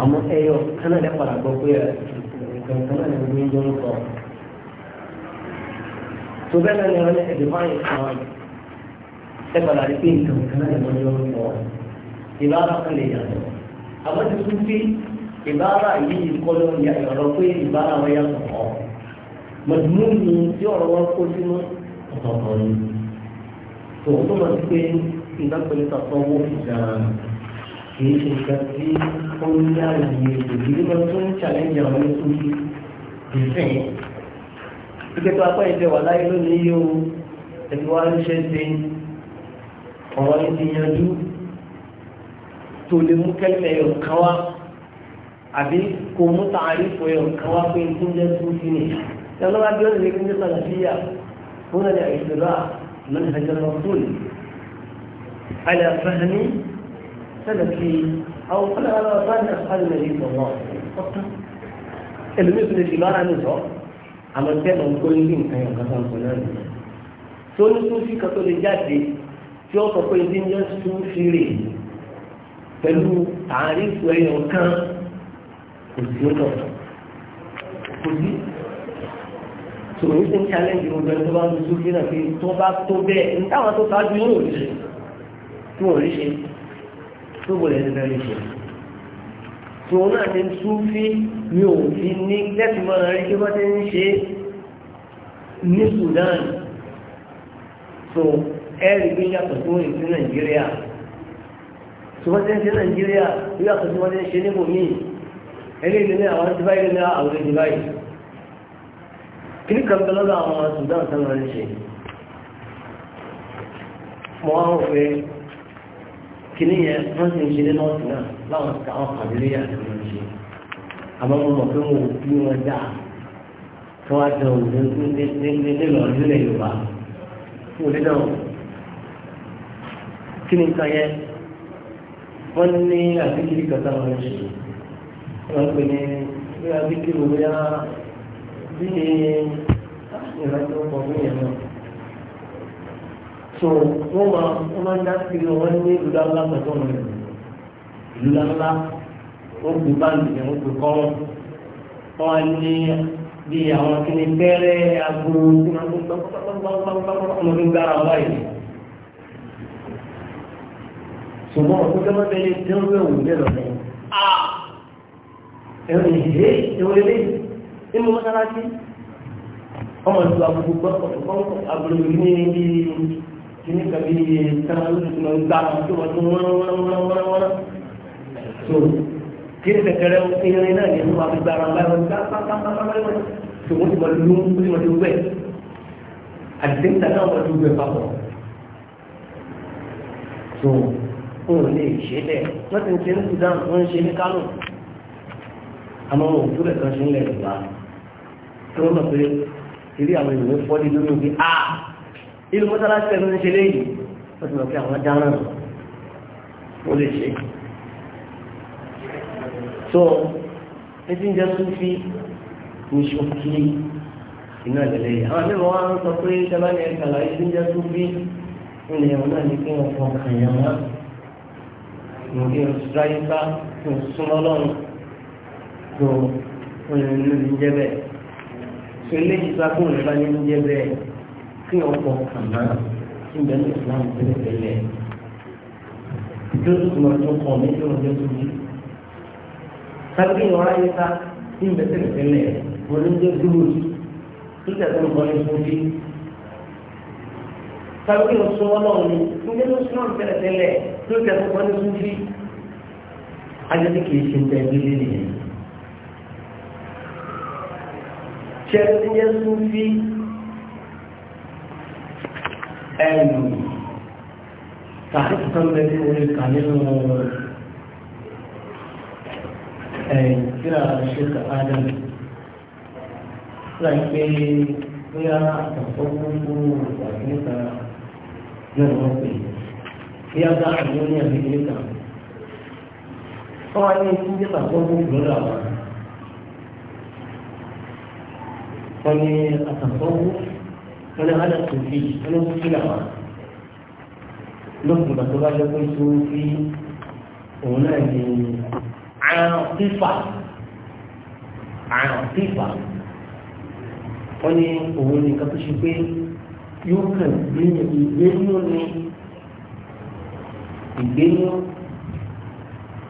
àmọ́ ẹyọ kánádà padà gbọ́ pé ẹ̀kan kánádà ń gbé jọ ń sọ tó bẹ́ẹ̀ náà ni wọ́n ní ẹ̀dẹ̀ báyìí kan ẹ padà rí pé nǹkan kánádà ń jọ ń sọ ìbára kan lè yàtọ̀ àmọ́ ti tún fi ìbára yìí kọ́lọ́ yàtọ̀ pé ìbára wọn yàtọ̀ ọ̀ mọ̀tìmú ni tí ọ̀rọ̀ wọn kó sínú ọ̀tọ̀ọ̀tọ̀ yìí tó o túmọ̀ sí pé ìdápẹ́lẹ́ tàbí owó ìdára kìí ṣe nǹkan tí ó ń yá ìyè òbí nígbà tó ń ṣàlẹ́yìn àwọn oníṣòwò ìsìn gẹ́gẹ́ tó apá ìjẹ wà láyé lónìí yóò ẹ̀fí wá ń ṣe ṣe ọ̀rọ̀ yìí ti yanjú tó lè mú kẹ́lẹ́ ẹ̀yọ̀ kan wá àbí kò mú tààrí fún ẹ̀yọ̀ kan wá pé kí ń jẹ́ tó fi nì. ìyá lọ́wọ́ bí ó lè ní kí ń jẹ́ sàlàfíà fún ẹ̀yà منهج الرسول على فهم سلفي أو على فهم أصحاب النبي صلى الله عليه وسلم المثل في بارع نزع عمل كان من كل دين كان يقصان فلان سون سوفي كتول جاتي tí ó sọ pé ní yẹn sún fèrè pẹ̀lú àárín ìfọ̀ ẹ̀yọ̀ tòun ti ń challenge gbogbo ẹni tó bá ń lu sókè náà pé tó bá tó bẹ́ẹ̀ ní táwọn tó ṣáájú ní òòlù tí wọ́n rí ṣe tó bò lẹ́nu bẹ́ẹ̀ ṣe. tòun náà ti ń súnfí mi ò fi ní lẹ́sìn mọ́ra rí kí wọ́n ti ń ṣe ní Sudan tó ẹ̀rí gbé yàtọ̀ sí wọ́n ti Nàìjíríà tí wọ́n ti ń ṣe Nàìjíríà yàtọ̀ sí wọ́n ti ń ṣe níbo míì ẹlẹ́yìn ní àwọn ti báyìí ní àwọn ti báyìí kìí kan àwọn Sudan tó lọ ṣe mọ́ àwọn òfin kìí yẹn wọ́n sì ń ṣe ní nọ́ọ̀sì náà láwọn àwọn kàbílẹ̀ yà tó ṣe àmọ́ mọ̀ pé wọn bí wọn dá tó wá jọ òun nílò nílẹ̀ Yorùbá wò lé náà kí ni nǹkan yẹn wọ́n ní àbíkiri kan tó ṣe wọ́n pè ní àbíkiri wọ́n yá ni ni. ni. ni bí ah, ìrántí ọkọ mi yẹn náà so wọn máa wọn máa ń dá sí i wọn ní ìlú ńlá pẹ̀lú ọmọ rẹ ìlú ńlá wọn gbé báńkì yẹn wọn gbé kọrọ wọn ní bí àwọn kìnnì pẹrẹ agbóró tí wọn gbé gbàgbàgbàgbàgbà ọmọ mi gbára báyìí ṣùgbọ́n ọdún tó máa bẹ̀rẹ̀ tí wọ́n wẹ̀ wò lẹ́nu rẹ̀ ah ẹ̀rọ ìdílé ìwọlé lẹ́yìn nínú mọ́sálásí ọmọ ìlú agbègbè gbọ́kọ̀tọ̀kọ́ agbègbè ní ibi kìíní kàbí sanadúró tó ń gbà wọn tó wọn tó wọ́nrọ́wọ́nrọ́wọ́n tó kìíní kẹkẹrẹ irin náà ní ìlú agbègbè ara ńlá wọn gbàgbàgbàgbàgbà tó wọ́n ti mọ̀ lù ú tó ti mọ̀ lù ú bẹ́ẹ̀ àdìsẹ́ níta náà wọ́n lù ú bẹ́ẹ̀ papọ̀ tó tó ń lọ pé ilé àwọn ènìyàn fọ́ ní lórí òbí a ìlú mọ́sálásí ẹ̀rọ ń ṣe léyìí wọ́n ti mọ̀ pé àwọn dáná ó lè ṣe. so etí ń jẹ́ súnfí ní ṣókí iná ìlẹ̀lẹ̀ yìí àwọn àlejò wa ń sọ pé sábà ní ẹ̀ka làwọn etí ń jẹ́ súnfí ilẹ̀ ẹ̀wọ̀n náà ní kí wọ́n fọ kàyàn wá ní ìrọ̀síráyé bá tó súnmọ́ lọ́rùn tó ó lè ní ìjẹ́ bẹ́ẹ̀ fẹlẹ ìgbàgbọ́ rẹ bá nínú yẹ bẹ́ẹ̀ kí ọkọ kàmá kí bẹ́ẹ̀ ní ìsìlámù tẹ́lẹ̀ tẹ́lẹ̀ ìjọsìn tó máa tó kọ mí tí wọn jẹ tó yí sábẹ́ ìwọ ayé ta kí bẹ́ẹ̀ tẹ́lẹ̀ tẹ́lẹ̀ wọn ní jẹ dúró tó jẹ tó ń kọ ní fún bí sábẹ́ ìwọ sọ wọn náà ni kí bẹ́ẹ̀ ní ìsìlámù tẹ́lẹ̀ tẹ́lẹ̀ tó jẹ tó kọ ní fún bí ajẹ́ tí kì í ṣe ń bẹ́ẹ̀ ṣẹ́lẹ́yẹ súnfí ẹnu tàbíkùtà mẹ́rin orí kà nínú ẹ̀yìn tíra ṣẹ́kà adam láì pé bóyá àtàkọ́gbogbo àgbẹ̀ta náà wọ́n pè bí a bá àwọn ní àgbẹ̀ta wọ́n wá wọ́n ní àtàkọ́wọ́ wọ́n ní alàtúnfì wọ́n ní kúkí làwọn lókùn tó bá jẹ́ pé tó ń fi òun náà ní àrùn fífà àrùn fífà wọ́n ní òun ní nǹkan tó ṣe pé yóò kàn gbé ìgbéyìí ní ìgbéyìí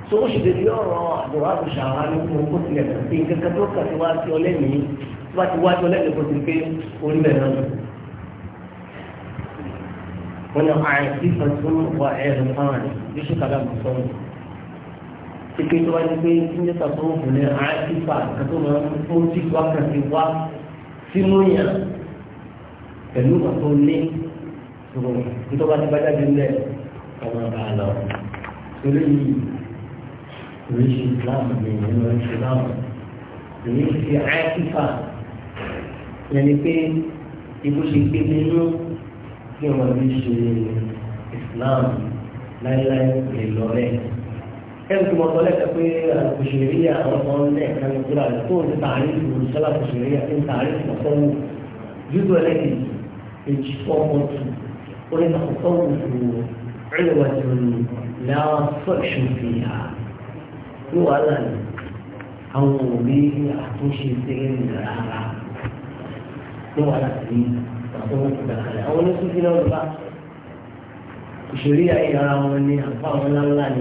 tó ṣe lè yọ̀rọ̀ àdúrà àbùṣà wa ní kókó tilẹ̀ kàtí nǹkan kan tó kàtí wá sí ọlẹ́mìí bá ti wájú ọlẹ́dẹ̀ kó ti pé orí bẹ̀rẹ̀ náà wọ́n ní àìsí fẹ̀sùn wà ẹ̀rọ fáwọn bí ṣe kàdá mọ̀ sọ́run pípé tó wá ní pé kí ní sàtúrò fún ní àìsí fà kàtó máa ń mú tí wákàtí wá sínú yàn pẹ̀lú àtó ní ṣòro nítorí wọ́n ti bá jáde ńlẹ̀ ọmọ ọba lọ torí oríṣi ìsìláàmù ni ìlú ìsìláàmù èyí ti ẹni pé ibú ṣe gbé nínú kí wọn fi ṣe Islam láéláé lè lọ rẹ ẹni tí wọn sọ lẹ́sẹ̀ pé òṣèré àwọn kan lẹ́ẹ̀kan ní kúrò àti tó ń tààrí ìlú sọlá òṣèré àti ń tààrí ìfọ̀sọ́wù yúdú ẹlẹ́yìn èjì fọ́ọ̀mọ́tì oníkàkọ́kọ́ wù علوة لا صلح فيها ní wàhálà ni àwọn òbí àtúnṣe sí ẹ̀rọ tó wà láti ní àtọ́wọ́ ti dàkàlẹ̀ àwọn oníṣúfì náà lọ́ba ìṣòrí ayé ara wọn ni àfa àwọn ńláńlá ni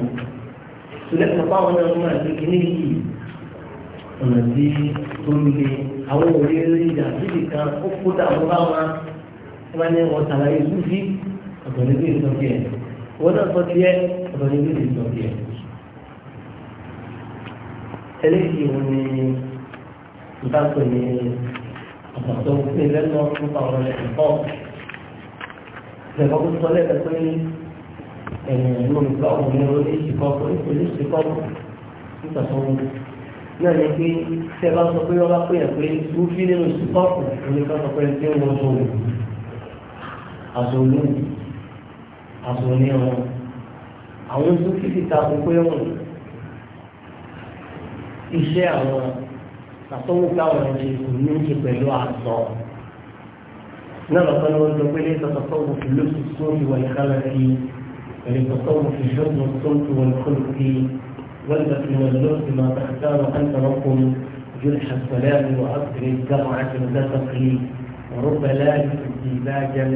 ìṣòlẹ́kùn àfa àwọn náà máa ti kíní yìí ọ̀nà tí tó ń le àwọn òrèrè ìdàgbìdì kan ó kó dààmú báwọn wọn ní wọn sàlàyé súfì ọ̀tọ̀ ní bí ìsọ̀tì ẹ̀ wọn náà sọ tiẹ̀ àtàtọ̀ pé lẹ́nu nípa ọ̀rọ̀ ẹ̀sìn kọ́ ìjọba tó sọ lẹ́nu pé ẹ̀yìn olùkọ́ òun ní orí ìṣìkọ́ orí ìṣìkọ́ nítàtọ̀ náà ni pé tẹ́ bá sọ pé wọ́n bá pè é pé rúfí nínú ìṣìkọ́ òun ká sọ pé ẹni tí ó wọ́n sọ òun àṣọ olóhùn àṣọ oníhùn àwọn tó kìkì ta kó pé òun iṣẹ́ àwọn. tàtọ́wọ́ káwọn ẹni ní ṣe pẹ̀lú àtọ̀ náà lọ́pọ̀ ní wọ́n pé lẹ́yìn tàtọ́wọ́ fi lóṣù sóòtù wà ní kálàkì pẹ̀lú tàtọ́wọ́ fi lóṣù sóòtù wà ní kólùkì wọ́n ti fi lọ lóṣù máa tàkàtà wọn á ń tọrọ kún جرح السلام وأكثر الجمعة وتسقي ورب لا زجاجا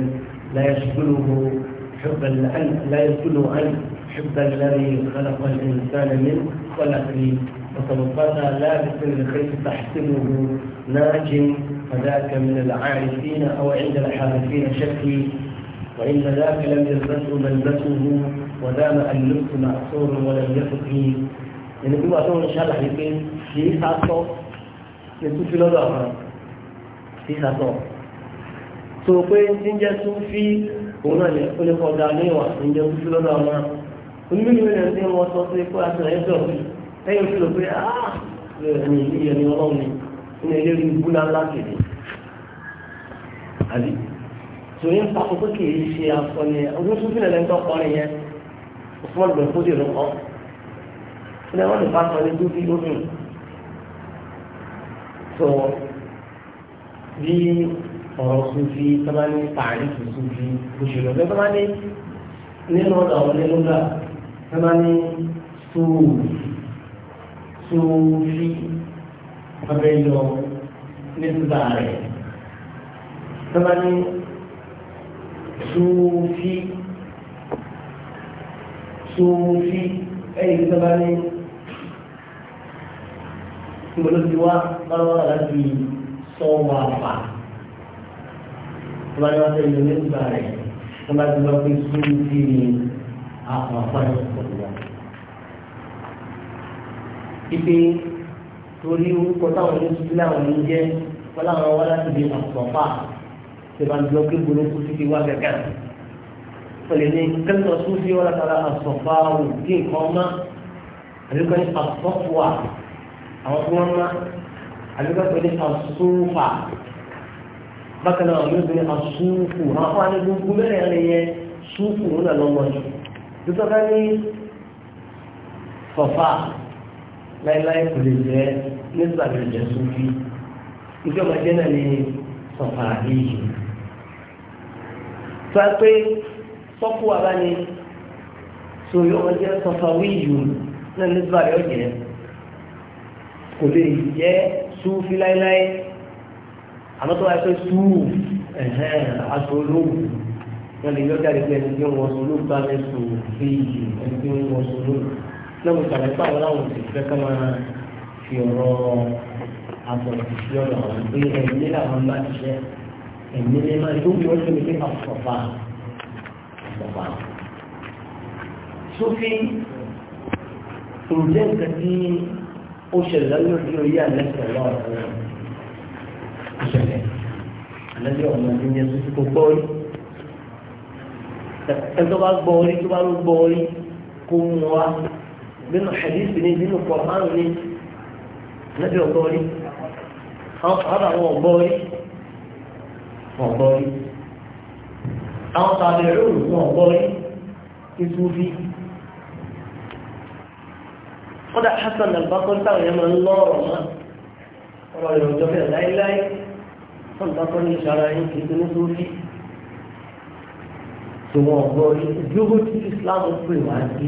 لا يشغله حب لا يشغله عن حب الذي خلق الإنسان من خلق فطلبنا لا مثل الخيل تحسبه ناجم فذاك من العارفين او عند الحارفين شكي وان ذاك لم يلبسه ملبسه ودام ان لبس معصور ولم يفقه يعني هو اتوه ان شاء الله حديثين في حاصو إيه يسو في لغه في حاصو إيه سو كوين تنجا في هنا يقول لك ودانيوا تنجا في لغه ما ومن هنا يقول لك ودانيوا ẹ̀yìn tí ló pé ẹni ìyẹn ni ọlọ́run ni ní ilé rí ibú ńlá kìíní àbí tòun ń pa kókó kìí ṣe akọni ọdún tó fìlẹ̀ lẹ́ńtọ́ kọrin yẹn òfin ọ̀gbìn fúdì ló kọ́ ilé wọn lè bá sọ ní dúdú lódùn tó bí ọ̀rọ̀ sunfi sábà ní pààrí sunfi òṣèlú ọ̀gbẹ́ sábà ní nínú ọ̀dọ̀ àwọn onílùgbà sábà ní sùúrù sófi abẹ́ yọ ní sísá rẹ̀ sábà ní sófi sófi ẹ̀yìn sábà ní ìmọ̀lódìwá báwọn láti sọ wà fà sábà ní wọ́n tẹ̀lé ní rẹ̀ sábà ní wọ́n fi sófi ní àwọn àpapọ̀ ipe torí orúkọ táwọn ní tuntun láwọn ní jẹ́ wọ́n láwọn wá láti di àpọ̀pá tẹ̀bàndínlọ́ kí gbólókù ti fi wá gẹ́gẹ́ pẹ̀lú ní kẹ́tọ̀ tó fi wọ́n látara àpọ̀pá òun kí nǹkan mọ́ àbíkọ́ ní àpọ̀pọ̀wà àwọn tó wọ́n mọ́ àbíkọ́ pẹ̀lú àsúfà bákan náà yóò fi ní àsúfù àwọn afọ́ àti gbogbo mẹ́rin yẹn súfù ń lọ lọ́wọ́ ju tuntun ká ní sọ̀fà láíláí kò lè jẹ́ nígbà tó jẹ́ sófì ìjọba jẹ́ náà ní sọ̀fà yìí. tó pé sọ́kù àbá ni tó yọ̀ọ́ jẹ́ sọ̀fà wíyù náà nígbà tó jẹ́ kò lè jẹ́ sófì láíláí àmọ́ tó wáyé pé sùúrù ẹ̀hẹ́n aṣọ olóògùn náà lè yọjá rẹ̀ pé ẹni tí wọ́n sọ olóògùn bá mi sùn fi ẹni tí wọ́n sọ olóògùn lọ́wọ́ ìṣàlẹ̀ pàwọ́ láwọn òṣìṣẹ́ ká máa fi ọ̀rọ̀ àbọ̀rọ̀ sí ọ̀rọ̀ àwọn pé ẹ̀mí làwọn bá ṣiṣẹ́ ẹ̀mí lè máa tó bí wọ́n ṣe lè fi àfọ̀fà àfọ̀fà. sófin ǹjẹ́ nǹkan tí ó ṣẹlẹ̀ lórí oyé àlẹ́sẹ̀ lọ́wọ́ ìṣẹ̀lẹ̀ àlẹ́sẹ̀ ọ̀nà ìyẹn tó ti kó gbọ́ ẹ̀ tó bá gbọ́ rí tó bá ló gbọ́ rí kó mú wa nínú hadith ni nínú Qur'an ni nàbí ọ̀gbọ́ rí àwọn sàhábà àwọn ọ̀gbọ́ rí ọ̀gbọ́ rí àwọn tàbí ẹ̀rọ òun ọ̀gbọ́ rí ìsúfí kódà Hasan al-Basri táwọn yẹn máa ń lọ́rọ̀ náà ọ̀rọ̀ ìrọ̀jọ́ bẹ́ẹ̀ láíláí fún ìbákan ní ìṣara yín kì tó ní sórí tí wọ́n gbọ́ yóò tí Islam pè wá sí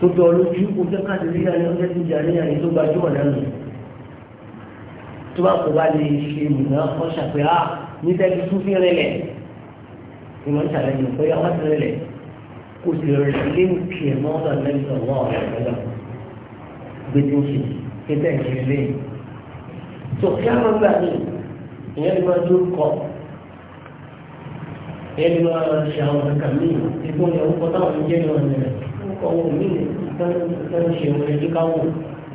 tó tọ́ lójú kó jẹ́ káàdì rí àyè ọjọ́ ti jà ní àyè tó gbajúmọ̀ náà nù tó bá kó bá lè ṣe mùnà wọn ṣàpè á ní tẹ́tí tún fi rẹlẹ̀ ìmọ̀ ń ṣàlẹ̀ yìí pé àwọn ti rẹlẹ̀ kò sì rẹlẹ̀ lé ní kì í mọ́ ọ̀dọ̀ lẹ́yìn tó wọ́n ọ̀rẹ́ ọ̀rẹ́ gbé tó ṣe pé bẹ́ẹ̀ kì í lé tó kí á gbà ní ìyẹn ni máa dúró kọ́ ìyẹn ni máa ṣe àwọn kankan míì ìfún ọwọ́ mi ìtàn ṣe wọlé bí káwọ́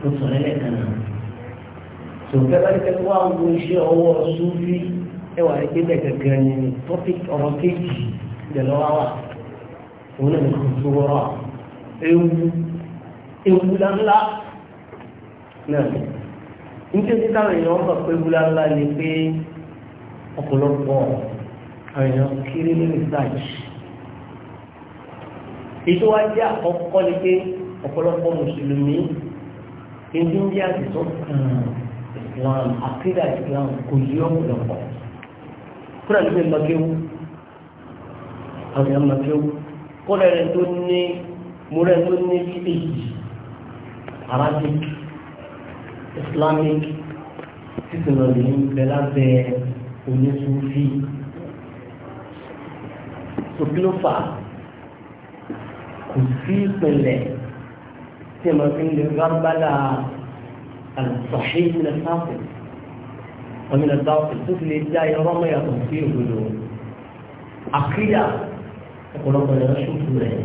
tó sọ lẹ́lẹ́kan náà tòkẹ́ bá dẹ́kẹ́ tó wà ń wo iṣẹ́ ọwọ́ súnfí ẹwà rẹ̀ gbẹ́gbẹ́ gẹ́gẹ́ ni topic ọ̀rọ̀ kejì ìdẹ̀lọ́wà wà òun náà nìkan tó wọ́rọ̀ ewu ewu ńláńlá náà nítorí táwọn èèyàn ń bà pé ewu ńláńlá ni pé ọ̀pọ̀lọpọ̀ àwọn èèyàn kiri ní research ètò wa jẹ́ àkọ́kọ́ ni pé ọ̀pọ̀lọpọ̀ mùsùlùmí india ti tó kàn islam akéda islam kò yí ọ̀pọ̀lọpọ̀ kúrò níbi mọ́kéwú àwọn èèyàn mọ́kéwú kúrò rẹ̀ tó ní múrẹ̀ tó ní phd arabic islamic sísìnà lè ń bẹ lábẹ́ onísùnfì sókè ló fà á kò sí ìpìlẹ̀ tí a máa fi ń lè rábàlà àlùfàṣẹ́ ìpìlẹ̀ sáfẹ̀ ọ̀mìnà sáfẹ̀ tó fi lè dá irọ́ mọ́ yàtọ̀ sí òdodo àkíyà ọ̀pọ̀lọpọ̀ yẹn ṣùkú rẹ̀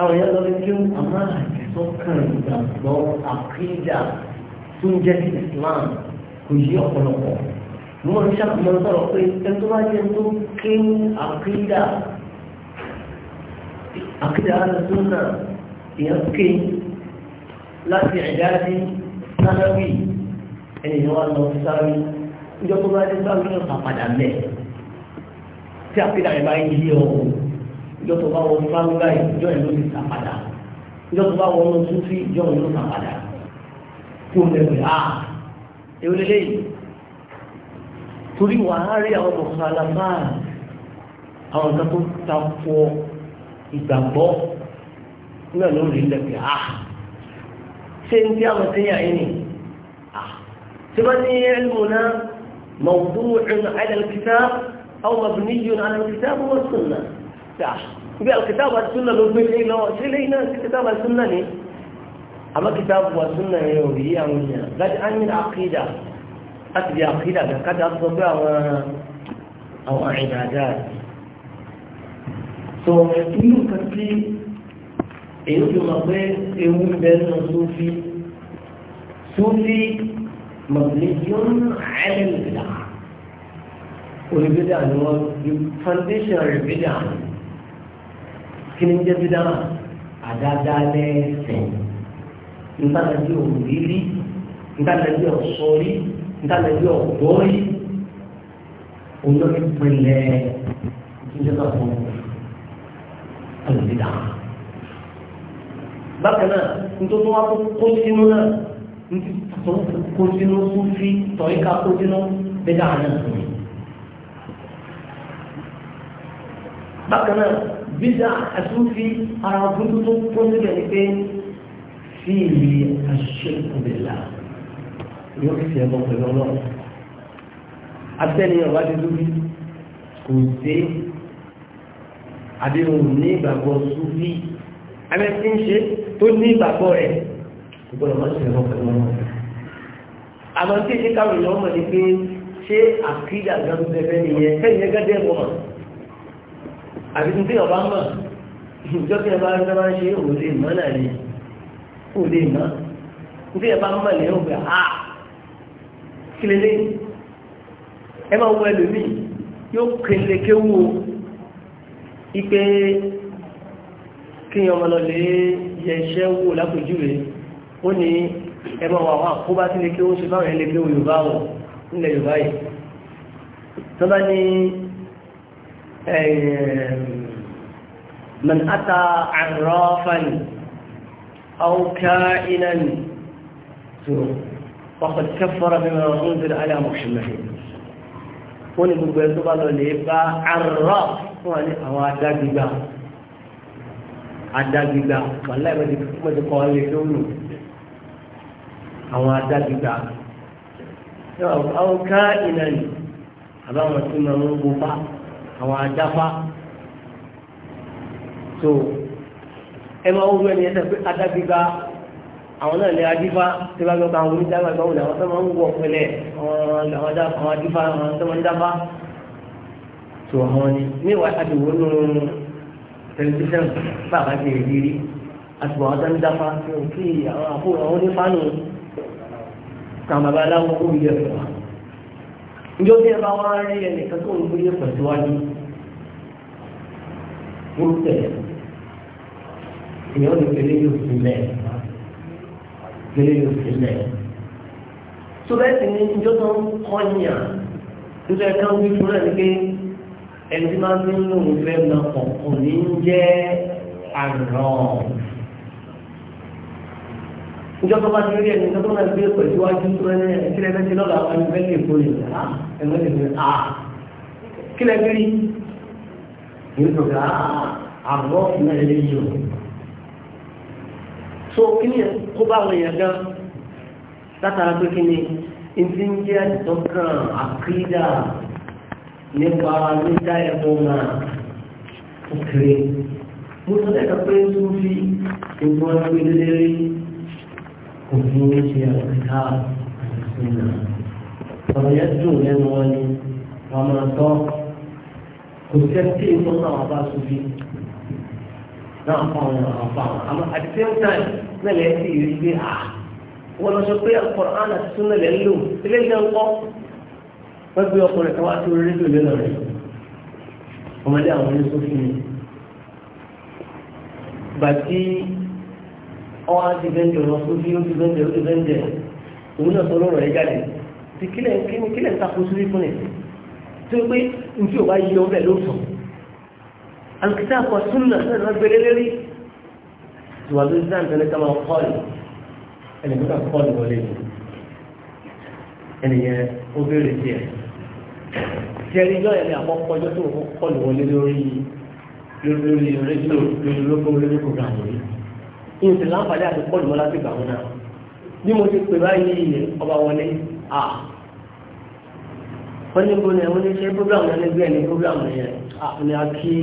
àwọn yẹn lọ́dún tí wọ́n máa àtìsọ́ kan ìgbàgbọ́ àkíyà tó ń jẹ́ Islam kò yí ọ̀pọ̀lọpọ̀ mo ń ṣàkóso sọ̀rọ̀ pé ẹni tó bá jẹ́ tó kéwú àkíyà àkídà alùsùnà ìyànké láti ẹ̀dáàdì sáláwì ẹnìyàn wà lọ sáwì ìjọ tó bá dé sáwì náà pàpàdà mẹ́ tí àkídà rẹ̀ bá yí ọ ìjọ tó bá wọ sáwì báyìí ìjọ ìlú ti sàpàdà ìjọ tó bá wọ ọmọ túnfí ìjọ ìlú sàpàdà kó lẹ́gbẹ̀ẹ́ à èwo lélẹ́yìí torí wàá àwọn mọ̀kànlá máa àwọn nǹkan tó ta fọ́ ìgbàgbọ́ náà ló rí lẹ́pẹ̀ á ah, ṣé ń tí àwọn tẹ́yà yìí ni ah, ṣé bá ní ẹlùmọ̀ náà mawdu'un 'ala al-kitab aw mabniyyun 'ala al-kitab wa sunnah ibi ah, al-kitab wa sunnah ló gbé lé lọ ṣé lẹ́yìn náà sí al-kitab wa sunnah ni àmọ́ kitab wa sunnah yẹn ò rí àwọn èèyàn láti á ní àkídà láti di àkídà kàkàdà sọ pé àwọn àwọn ìdàgà tó inú kan tí èyí tó mọ̀ pé ewu ń bẹ nínú sófì sófì mọ̀lẹ́yìn àìlèmìlà olùgbéjà ni wọ́n foundation rẹ̀ gbéjà kí ni jẹ́ bídà àdáadáa lẹ́sẹ̀ ntàlẹ́bí òwúrí ntàlẹ́bí ọ̀sọ́rí ntàlẹ́bí ọ̀gbọ́rí olórí pinlẹ̀ ìjọba fún mi alùbídà bákan náà nítorí wọn kó kó sínú náà nítorí kó sínú súnfí tọ̀ríkà kó sínú bídà náà sùn bákan náà bídà àtúnfí ara burúkú tó kó sílẹ̀ ni pé fíìlì àṣìṣẹ́kùnbẹ̀là yóò fi ẹ̀bọ̀ pẹ̀lú ọlọ́run abẹ́ni ọ̀wá dídú kò dé àbí mo ní ìgbàgbọ́ súfì abẹ́ tí ń ṣe tó ní ìgbàgbọ́ rẹ̀ gbọ́dọ̀ máa ń ṣe ẹ̀rọ pẹ̀lú ọmọ rẹ̀ àmọ́ tí ṣe káwọn èèyàn mọ̀ ní pé ṣé àkídà gan bẹ̀rẹ̀ nìyẹn kẹ́yìn ẹgbẹ́ dẹ́ mọ̀ àbí tí ọba mọ̀ ìjọ tí ẹ bá ń sábà ń ṣe òun lè mọ́ náà ni òun lè mọ́ tí ẹ bá mọ̀ lẹ́yìn òun gbà á kílélẹ́yìn ẹ máa wọ ẹlòmíì yóò kéle o ipe kíyàn ọmọ lọlẹ́ yẹ iṣẹ́ wò lápòjúwe ó ní ẹmọ wà wà kó bá sílé kí ó ń ṣe báwọn ẹlẹgbẹ́ Yorùbá wọn nílẹ̀ Yorùbá yìí tó bá ní من أتى عرافا أو كائنا wọ́n wà ní àwọn adágbígbà adágbígbà wàhálà ìwádìí fún ti kọ́ ilé lónù àwọn adágbígbà àwọn ká ìnà ni àbáwọn tí wọ́n ń gbófá àwọn adáfá tó ẹ máa wọ́n wẹ́n ní ẹsẹ̀ pé adágbígbà àwọn náà lè adífá tí wọ́n gbọ́ àwọn onídàgbàgbà wọn làwọn tó máa ń wọ̀ pẹ̀lẹ́ àwọn adífá àwọn tó máa ń dáfá tó àwọn ni níwà àdìwò nù tẹlifíṣàn bàbá ti rí rí àtùwọ̀ àwọn tán dáfà kí àwọn àpò àwọn onífàánù kàwọn bàbá aláwọ̀ ó yẹ fún wa ìjọ tí ẹ bá wá rí ẹnìkan tó ń gbé pẹ̀síwájú burú tẹ̀lé èèyàn ní pẹ̀lẹ́ yóò fi lẹ̀ pẹ̀lẹ́ yóò fi lẹ̀ tó bẹ́ẹ̀ sì ni ìjọ tó ń kọ́ yàn nítorí ẹ̀ka ń wí fún ẹ̀ ní ẹni tí máa ń ní inú ìfẹ́ na kọ̀ọ̀kan ní ń jẹ́ àrùn. ìjọ tó bá ti rí ẹni tó máa gbé pẹ̀lú iwájú tó ẹni ẹni tílẹ̀ fẹ́ ti lọ́dọ̀ àwọn ẹni fẹ́ lè fòlè ẹni lè fẹ́ à kílẹ̀ kiri nítorí àbọ̀ náà lè yí o. so kí ni kó bá àwọn èèyàn gan látara pé kí ni ìdí ń jẹ́ àtọ́kàn àkídà nípa dídá ẹ̀mọ́ máa kéré mo sọ lẹ́ka pé tó fi ìgbọ́ ẹgbẹ́ lélẹ́rí kò fi ń ṣe àkíká ìsinmi ọ̀rọ̀ yẹn dùn lẹ́nu wọn ni wọ́n máa tọ́ kò sẹ́ńtì ìmọ̀ náà wà bá tó fi náà fún àwọn àwọn àmọ́ at the same time náà lẹ́yìn tí ìrírí gbé à ah, wọ́n lọ sọ pé Al-Qur'an àti Sunnah lẹ́yìn lò eléyìí ń kọ́ wọ́n gbé ọkùnrin kan wá sí orí rédíò lẹ́nà rẹ̀ ọmọdé àwọn oníṣòwò fún mi gbàtí ọwọ́ ti bẹ́ńdẹ̀ lọ sófí ó ti bẹ́ńdẹ̀ ó ti bẹ́ńdẹ̀ òun náà sọ lọ́rọ̀ rẹ̀ jáde ti kílẹ̀ kílẹ̀ ń takò sórí fún ẹ̀ tó pé n tí ò bá yí ọbẹ̀ ló sọ alùpùpù àpọ̀ súnmọ̀ sẹ́nu ọgbẹ́rẹ́ lérí ìwà lórí sáà nítorí ká máa kọ́ ẹ̀ ẹnìkan kọ́ ẹ̀ wọlé ẹnìyẹn ó bẹ̀rẹ̀ sí jẹ́rí yọ ẹ̀mí àkọ́kọ́ ọjọ́ tó kọ́ lù wọlé lórí lórí rédíò lórí lóko lórí program yìí ìyẹn ti láǹfààní àti pọ́ọ̀lù wọn láti gbà wọn náà bí mo ti pè báyìí ọba wọlé à wọ́n ní gbóni ẹ̀wọ́n ní ṣe program yẹn nígbẹ́ ní program yẹn ní a kí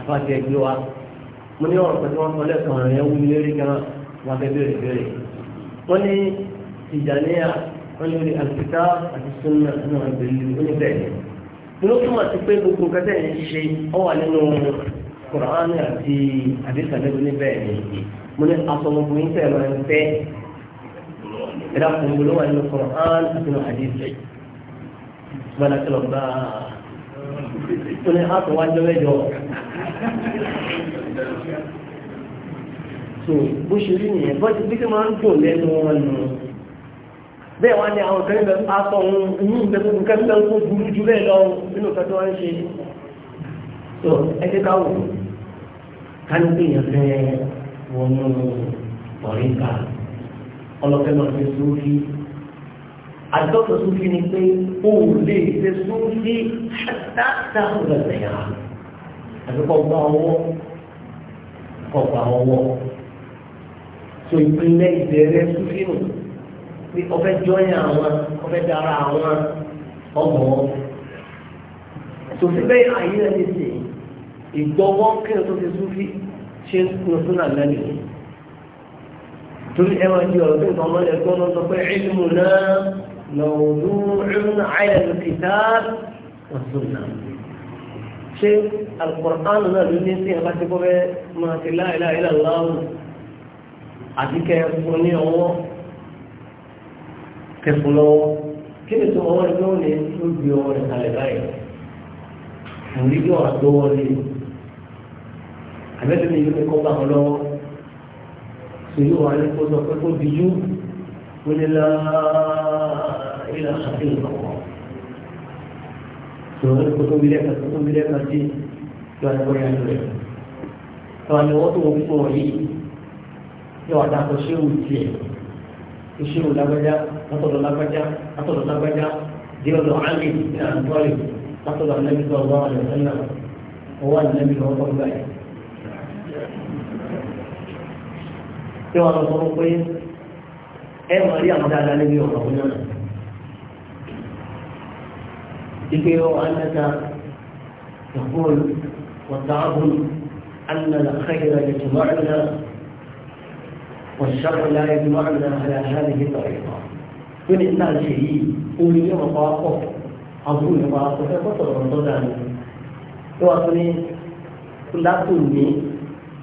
àbájẹ mo ní ọ̀rọ̀ pẹ̀lú wọn sọ lẹ́sàn yẹn wú lérí gan wọn bẹ bèrè bèrè wọ́n ní Tìjàníyà olórí àlùfíà àti súnmọ́ àti àbẹ̀lú oníbẹ̀ ló túmọ̀ sí pé gbogbo kẹtẹ́ ń ṣe ọ wà nínú kùránì àti àdìsàlẹ̀ oníbẹ̀ ni mo ní asọmọkùnrin tẹ̀ máa ń fẹ́ ẹ̀dá kùnbó ló wà nínú kùránì àti àdìsẹ̀ gbọ́dọ̀ tó lọ bá tó ní àtọ̀wájọ́ mẹ́jọ so bó ṣe rí nìyẹn bó ṣe máa ń dùn lẹ́nu wọn nù bẹ́ẹ̀ wá ní àwọn kan níbẹ̀ aṣọ ohun inú ìgbẹ́sọ̀ nǹkan níbẹ̀ tó burú jù bẹ́ẹ̀ lọ nínú ìfẹ́ tó wá ń ṣe tó ẹ jẹ́ ká wò ká ní pé èèyàn fẹ́ wọnú ọ̀rẹ́ka ọlọ́fẹ́ máa fi sórí àdókò sórí ni pé ó lè fi sórí ṣáṣá ọ̀rẹ́ ẹ̀yà àdókò gbà ọwọ́ kọ̀ ọwọ́ tó ìpínlẹ̀ ìbẹ̀rẹ̀ sórí nù pé ọbẹ̀ jọyìn àwọn ọbẹ̀ dára àwọn ọmọ tòsí bẹ́ẹ̀ ayé rẹ̀ ti sè ìgbọ́wọ́ kí ló tó ti súnfì ṣe ń kúrò fún àlẹ́ nìyí torí ẹ máa di ọ̀rọ̀ tó nǹkan ọmọdé tó ń sọ pé ìlú náà lọ́wọ́dú ìrún àyẹ̀lú kìtà ọ̀túnà ṣé alukọ̀rọ̀tánù náà ló ní sí ẹ̀ láti kọ́ bẹ́ẹ̀ máa ti láìláìláìláwọ̀ àti kẹ́ ẹ̀ fún ní ọwọ́ kẹfún lọ́wọ́ kí ni tó ọwọ́ ẹgbẹ́ òní ló gbé ọwọ́ rẹ̀ kalẹ̀ báyìí òní yóò àtọwọ́ lé àbẹ́tẹ̀ mi yóò kọ́ bá wọn lọ́wọ́ sèyí wà ní kó sọ pé kó dijú ó lé láàárín àṣàkíyàn lọ́wọ́ sọ̀rọ̀ ní kó tó wílẹ̀ kan tó wílẹ̀ kan sí yóò àtọwọ́ yà lọ́wọ́ rẹ̀ àwọn ni wọ́n tó wọ́n fún ọ yìí yóò àtàkọ́ ṣéwù tiẹ̀ ìṣéwù lágbájá. فصل الفجر فصل الفجر جلد علي بن ابي طالب فصل النبي صلى الله عليه وسلم هو النبي هو طالب سوى الطرقين أي مريع مدى على النبي هو طالب ذكروا أنك تقول وتعظم أن الخير يجمعنا والشر لا يجمعنا على هذه الطريقة tó ní sáà ṣe yìí orí ní ọmọ pàwọ́ pọ̀ àbúrò ní pàwọ́ pọ̀ ẹ̀kọ́ sọ̀rọ̀ ọ̀rọ̀ tọ́jà ni tó wà tó ní látò ní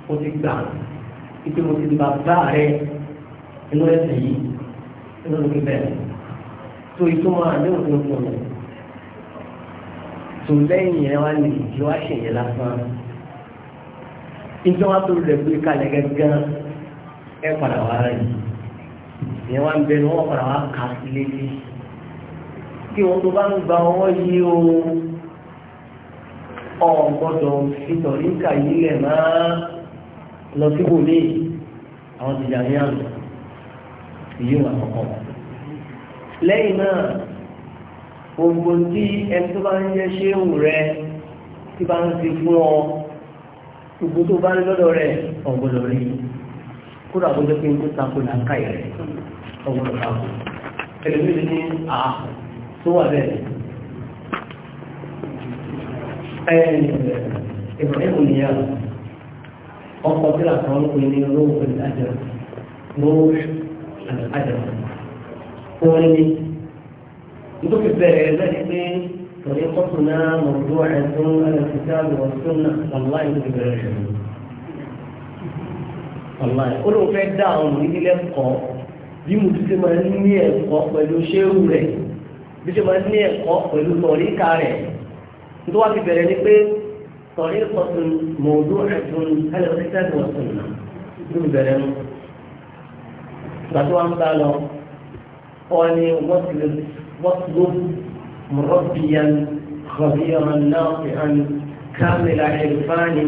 o ti gbà ìpè mo ti di bàbá rẹ inú ẹsẹ̀ yìí inú ló fi bẹ̀rẹ̀ tó ìtumọ̀ àdéhùn tó ń fún mi tó lẹ́yìn yẹn wá lè jí wá ṣèyẹ lásán ìjọba tó rẹ̀ gbé kalẹ̀ gẹ́gẹ́ ẹ padà wá rẹ̀ yìí ìyẹn wá ń bẹnu wọn padà wá kà sí létí kí wọn tó bá ń gba ọwọ́ yìí o ọ̀gbọ́dọ̀ fi tọ̀ríkà yìí lẹ̀ máa lọ sí wòlé àwọn ti jà ní àná èyí wà kọ̀kọ́ lẹ́yìn náà gbogbo tí ẹni tó bá ń jẹ́ ṣéwù rẹ tí bá ń fi fún ọ gbogbo tó bá ń lọ́dọ̀ rẹ ọ̀gbọ́dọ̀ rí kódà bó jẹ́ pé ń tó takò làákàyè rẹ̀ ọgbọ́n kàkó ẹlẹ́mìí ní à tó wà bẹ́ẹ̀ ẹ̀yìn ìbùrẹ́kù ni yà ọkọ̀ tí làkàn ń pè ní olówó pẹ̀lú àjọ lówó àjọ wọn ni nítorí bẹ̀rẹ̀ lẹ́yìn pé طريقتنا موضوعة على الكتاب والسنة والله يجب الرجل والله قلوا في الدعوة من إلى القوم bí mo ti ṣe máa ń ní ẹ̀kọ́ pẹ̀lú ṣéwù rẹ̀ bí ṣe máa ń ní ẹ̀kọ́ pẹ̀lú tọ̀ríkà rẹ̀ tó wá ti bẹ̀rẹ̀ ni pé tọ̀ríkọ̀ tún mọ̀ọ́dún ẹ̀tún ẹ̀lẹ́ òṣìṣẹ́ tó tún nà ló ti bẹ̀rẹ̀ mu. ìgbà tó ń bá lọ ọ ni wọ́túló mùrọ́bìyàn kọ̀bíyàn náà fi hàn kámìlà ẹ̀fáàní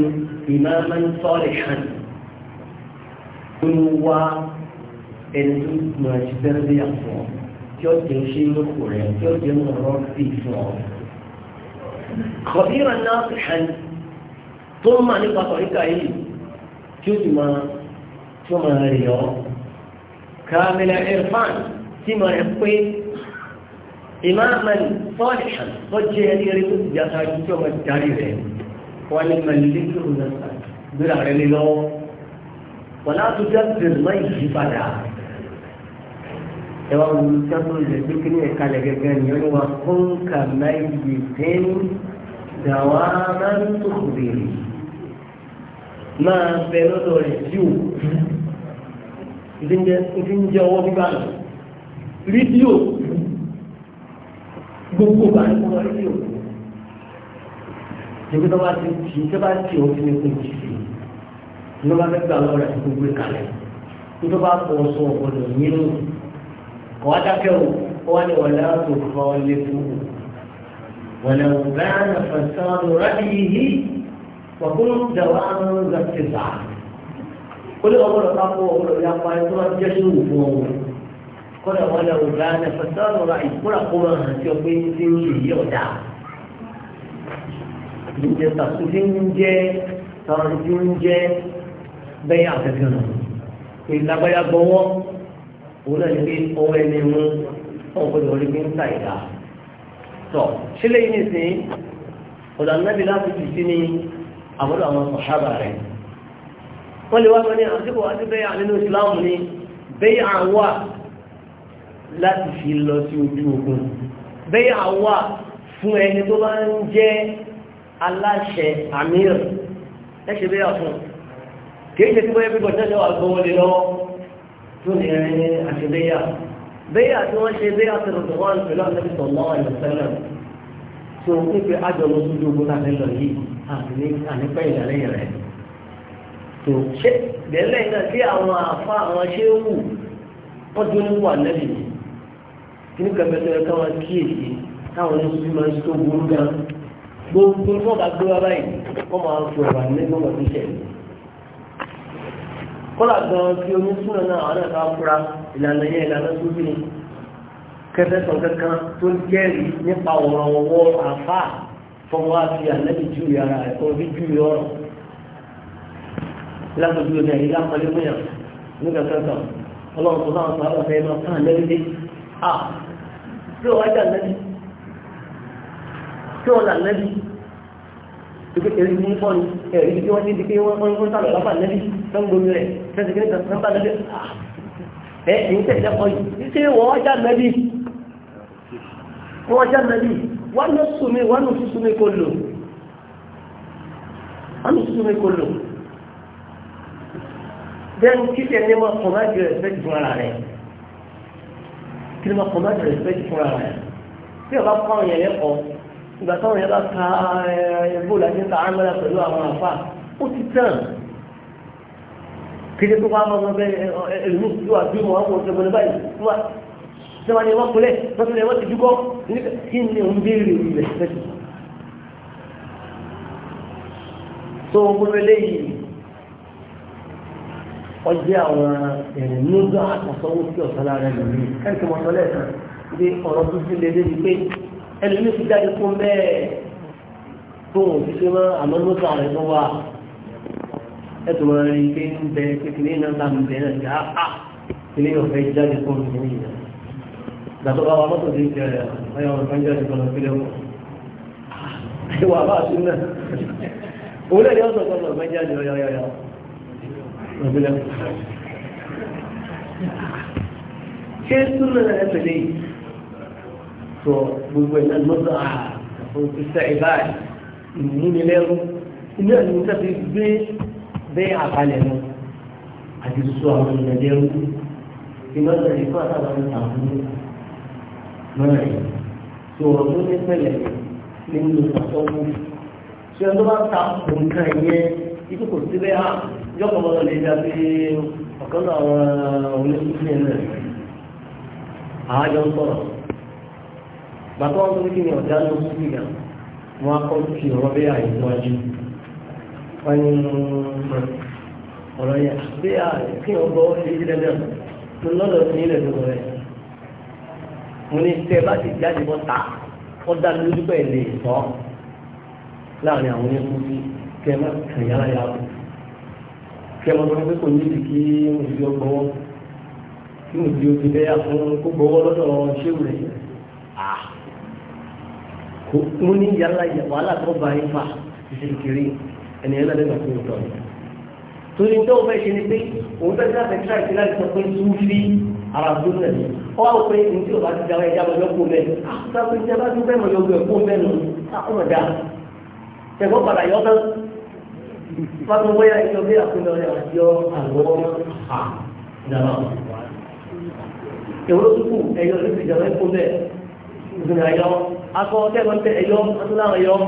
ìmáàmán sọ́ọ̀lì hàn ẹni tó máa ṣe bẹ́rẹ̀ fún ọ tí ó jẹ́ ṣe lóko rẹ̀ tí ó jẹ́ ọ̀rọ̀ sí fún ọ. kọ̀bíra náà ti hàn tó máa nípa tọ̀ríkà yìí tí ó sì máa tó máa rẹ̀ ọ́. kàmìlà irfan tí máa ẹ pé ìmáàmẹ́lì sọ́ọ̀lìṣàn tó jẹ́ ẹni rẹ̀ tó ti játa ju tí ó máa rẹ̀ wọ́n ní mẹ́lìlẹ́ tó ń gbéra rẹ̀ lọ́wọ́ wọ́n á tún dá ẹwà wo ní sẹ́kù rẹ̀ pé kí ní ẹ̀ka lẹ̀ gẹ́gẹ́ ni wọ́n wá fún kàmá iye tẹ́ni dàwa máa ń tó bèrè máa bẹ lọ́dọ̀ rẹ̀ tí ò fi ń jẹ ọwọ́ bíbá lọ rédíò gbogbo bá ń kọ́ rédíò níbi tó bá ti tì tó bá tì ó fi ní kó jì sí ní wọ́n bá fẹ́ gbà lọ́rẹ̀ gbogbo ìkàlẹ̀ ní tó bá fọ ọ̀sán ọ̀gbọ́dọ̀ yín wọ́n dákẹ́ o wọ́n ní wọ́n náà tó kọ́ lé fún un wọ́n náà bá ń fẹ̀sán rádì yìí wọ́n kún dàwa àwọn gàtì bá ó lé ọmọ lọ́ka kó ọmọ lọ́ka yá pa ẹ̀tọ́ máa sí òun fún ọmọ kọ́dà wọ́n náà bá ń fẹ̀sán rádì kúrà kó hàn sí ọgbẹ́ tí ń lè yí ọ̀dà ìjẹ tàkùsí ń jẹ́ tàrọ̀dí bẹ́ẹ̀ òun náà ní pé ọwọ́ ẹni mú ọ̀n gbọ́dọ̀ orí pé ń ta ìdá. tọ́ sílẹ̀ yìí nìsín ọ̀dà nábì láti fi sí ní àbọ̀dọ̀ àwọn sàhábà rẹ̀. wọ́n lè ni bẹ́yà wà láti fi lọ sí ojú ogun bẹ́yà wà fún ẹni tó bá ń jẹ́ aláṣẹ àmì rẹ̀ tó ya ẹni àṣebéyà béyà tí wọ́n ṣe béyà tó lọ́dọ̀ wọ́n pẹ̀lú àtẹ́bí sọ̀mọ́ ìlọ̀sẹ́lẹ̀ tó ń pè ájọ lọ sí ogun láti lọ yìí àti ànípẹ́ ìdálẹ́yìn rẹ̀ tó ṣe gẹ́lẹ́ náà sí àwọn àfa àwọn ṣé ń wù wọ́n tó ń wà lẹ́bi yìí kí ní kẹfẹ́tẹ́ rẹ̀ káwọn kíyèsí káwọn kọ́lá gan fi omi súnà náà àwọn ẹ̀ka fúra ìlànà yẹn ìlànà tó bí ni kẹfẹ́sọ̀ kankan tó jẹ́rìí nípa ọ̀rọ̀ ọwọ́ àfà fọwọ́ àti àlẹ́bí ju yàrá ẹ̀kọ́ bí ju yọrọ̀ lápẹ̀jú ọ̀dà yìí lápẹ̀lẹ́ múyà nígbà kankan ọlọ́run tó náà sọ àwọn ọ̀fẹ́ máa fún àlẹ́bí dé à tí ó wájà lẹ́bí tí ó là lẹ́bí tó kékeré ní fọ́ọ̀nù ẹ̀rí tí wọ́n ti di pé wọ́n ń sàlọ̀ lápá lẹ́bí tó ń gbomi rẹ̀ tẹ́sí kí ní tẹ̀sí nígbà lẹ́bí ẹ̀ ẹ̀yìn tẹ̀sí ẹ̀kọ́ yìí ṣé wọ́n já nàbí wọ́n já nàbí wọ́n lọ sùnmi wọ́n lọ sùnmi kò lò wọ́n lọ sùnmi kò lò bẹ́ẹ̀ni kí tẹ̀ ní ma kọ̀ má fún ara rẹ̀ kí ni ma kọ̀ má jẹ fún ara rẹ̀ tí o bá kọ́ ọ̀yẹ̀ lẹ́kọ̀ọ́ ìgbà táwọn yẹn bá ka ẹ̀ bóòlù àti ta àmàlà pẹ̀lú àwọn àfa ó ti tán kéde tó wàá máa bẹ ẹlòmí tó wà bímọ àwọn ọmọ ìṣẹ̀gbọ́n báyìí tó wà sẹ́wọ́n ni wọ́n kulẹ̀ wọ́n kulẹ̀ wọ́n ti dúkọ́ kí ni òun béèrè ilẹ̀ fẹ́tù. tó o gbọ́dọ̀ eléyìí ọjọ́ àwọn ẹ̀rìn nígbà àtàkọ́wọ́ sí ọ̀sán lára ẹlòmí kẹ́kẹ́ mọ̀ sọ́lẹ̀ kan ibi ọ̀rọ̀ tó ti lè débi pé ẹlòmí ti jáde fún bẹ́ẹ̀ tó òun ti ṣe mọ́ àmọ́ nígbà rẹ̀ tó wà ẹ̀tọ́ wọn rí pé ń bẹ kékeré náà bá ń bẹ náà ti àpá kílé ọ̀fẹ́ jáde fún mi ní ìyá gbàtọ́ bá wa mọ́tò ti tẹ̀ ọ̀yọ́ ọ̀fẹ́ jáde fún mi kílé ọ̀fẹ́ ìwà bá a sún náà òun lè ní ọ̀sán kan ọ̀fẹ́ jáde ọ̀yọ̀yọ̀yọ̀ ọ̀gbìnlẹ̀ ṣé súnmọ́ náà ẹ̀fẹ̀ lè sọ gbogbo ẹ̀ náà lọ́sọ̀ àà òun ti sẹ́ ìbáà ìmúnilẹ́rú ilé ẹ̀ bẹ́ẹ̀ àkàlẹ̀ lọ àti sọ àwọn ìrìnàjò ẹrú ìmọ̀lẹ̀ ìkọ́ àtàwọn ìtàkùn náà yìí tó ọ̀rọ̀ tó ní pẹ̀lẹ́ nínú ìtàkùn tí wọ́n tó bá ta nǹkan yẹn ikú kò sí bẹ́ẹ̀ hàn ah, yọkọ̀ mọ́ lè dá bí ọ̀kan náà àwọn oníṣẹ́ náà àájọ ń sọ̀rọ̀ bàtọ́ wọn tó ní kí ni ọ̀dá ló ń sùn yà wọn á kọ́ ọ̀rọ̀ bẹ́ẹ̀ àyè wájú wọ́n ní ọ̀rọ̀ yẹn pé à kí wọ́n gbọ́ ṣe jí dandan tó lọ́dọ̀ sí ilẹ̀ lọ́wọ́ rẹ̀ mo ní tẹ́ bá ti jáde bọ́ ta ó dá lójú pẹ̀ lè sọ láàrin àwọn oníkú sí kẹ́ má kàn yára yá o kẹ́ mọ́ tọ́jú pé kò ní ìdíkí òṣìṣẹ́ gbọ́wọ́ kí òṣìṣẹ́ òṣìṣẹ́ bẹ́yà fún kó gbọ́wọ́ lọ́dọ̀ ṣéwù rẹ̀ mo ní yàrá wàhálà tó bá yín fà ìṣèkiri ẹni ẹ̀rọ lẹ́gbàá fún ìtọ́ ni torí tó o fẹ́ ṣe ni pé òun fẹ́ láti tíra ìṣe láti sọ pé súnfí ara dúró rẹ̀ ni ọ wá pé ní tí o bá ti dáwọ́ ẹja mọ̀ yọkó mẹ́ àtàkùn ìjọba tó fẹ́ mọ̀ yọkó ẹ̀kó mẹ́ nù àkùnrin ah, dá tẹ̀gbọ́n padà yọ tán fáwọn ọmọ yọ bí àkùnrin ọ̀rẹ́ àjọ àlọ́ à dàrá ìwé sùkù ẹ̀yọ ló ti jàmẹ́ kó bẹ́ẹ̀ ìgbìmọ̀ ẹ̀yọ akọ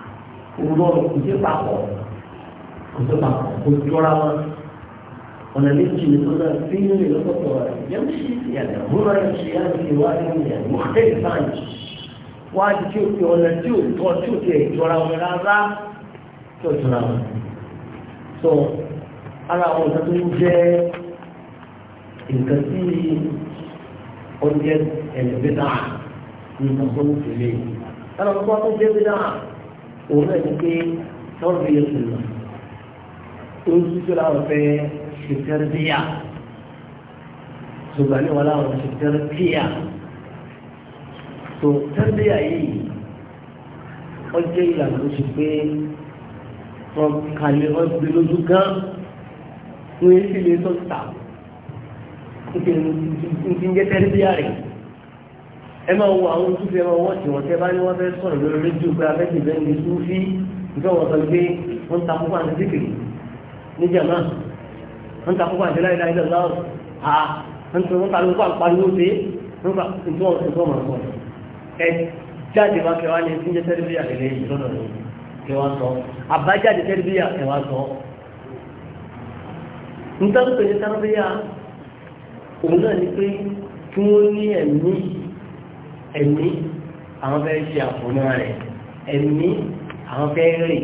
ìrọ̀rùn kò sí papọ̀ kò sí papọ̀ kò jọra wọn ọ̀nà méjì ní tó náà fi nínú ìlọ́pọ̀tọ̀ rẹ̀ yẹn ṣì yàtọ̀ múra yẹn ṣì yàtọ̀ kí wá ní ìyẹn mú ẹ̀ sáyẹn wá di tí o fi ọ̀nà tí o tọ́ tí o tẹ̀ jọra wọn rárá tí o jọra wọn. sọ ara àwọn ọ̀sán tó ń jẹ́ nǹkan tí ọ̀jẹ̀ ẹ̀lẹ́gbẹ̀dá nǹkan tó ń tẹ̀lé. ẹ̀rọ tó wá jẹ́ gbẹ̀dá òun náà ni pé tọ́lù yẹ kù lọ ó ń tútù láwọn fẹ́ ṣètẹ́rẹ́ bíyà ṣùgbọ́n ní wọn láwọn ṣètẹ́rẹ́ bíyà tó tẹ́rẹ́ bíyà yìí wọ́n jẹ́ ìlànà tó ṣe pé wọ́n kàlẹ́ wọ́n gbé lójú gan wọ́n yẹ sí ń tẹ́rẹ́ bíyà rẹ̀ ẹ máa wo àwọn ojú fi ẹ máa wọ́n tí wọ́n tẹ́ bá ní wọ́n fẹ́ sọ̀rọ̀ lórí rédíò pé abẹ́jì bẹ́ẹ̀ ní súnfí ìfẹ́ wọn sọ pé wọ́n ń ta púpọ̀ àti síkìrì ní jàmá wọ́n ń ta púpọ̀ àti láìláì lọ́wọ́ à ń tún wọ́n ta lóko àpariwo ṣe wọ́n bá ìtọ́ ìtọ́ máa sọ ẹ jáde bá kẹwa ní ti ń jẹ tẹ́lifíà lè léyìn lọ́dọ̀ rẹ̀ kẹwa sọ àbájáde tẹ́lifíà kẹwa sọ nítorí pé tẹ́lifíà òun náà ni pé kí wọ́n ní ẹ̀mí ẹ̀mí àwọn fẹ́ ṣe àfòná rẹ̀ ẹ̀mí àwọn fẹ́ rè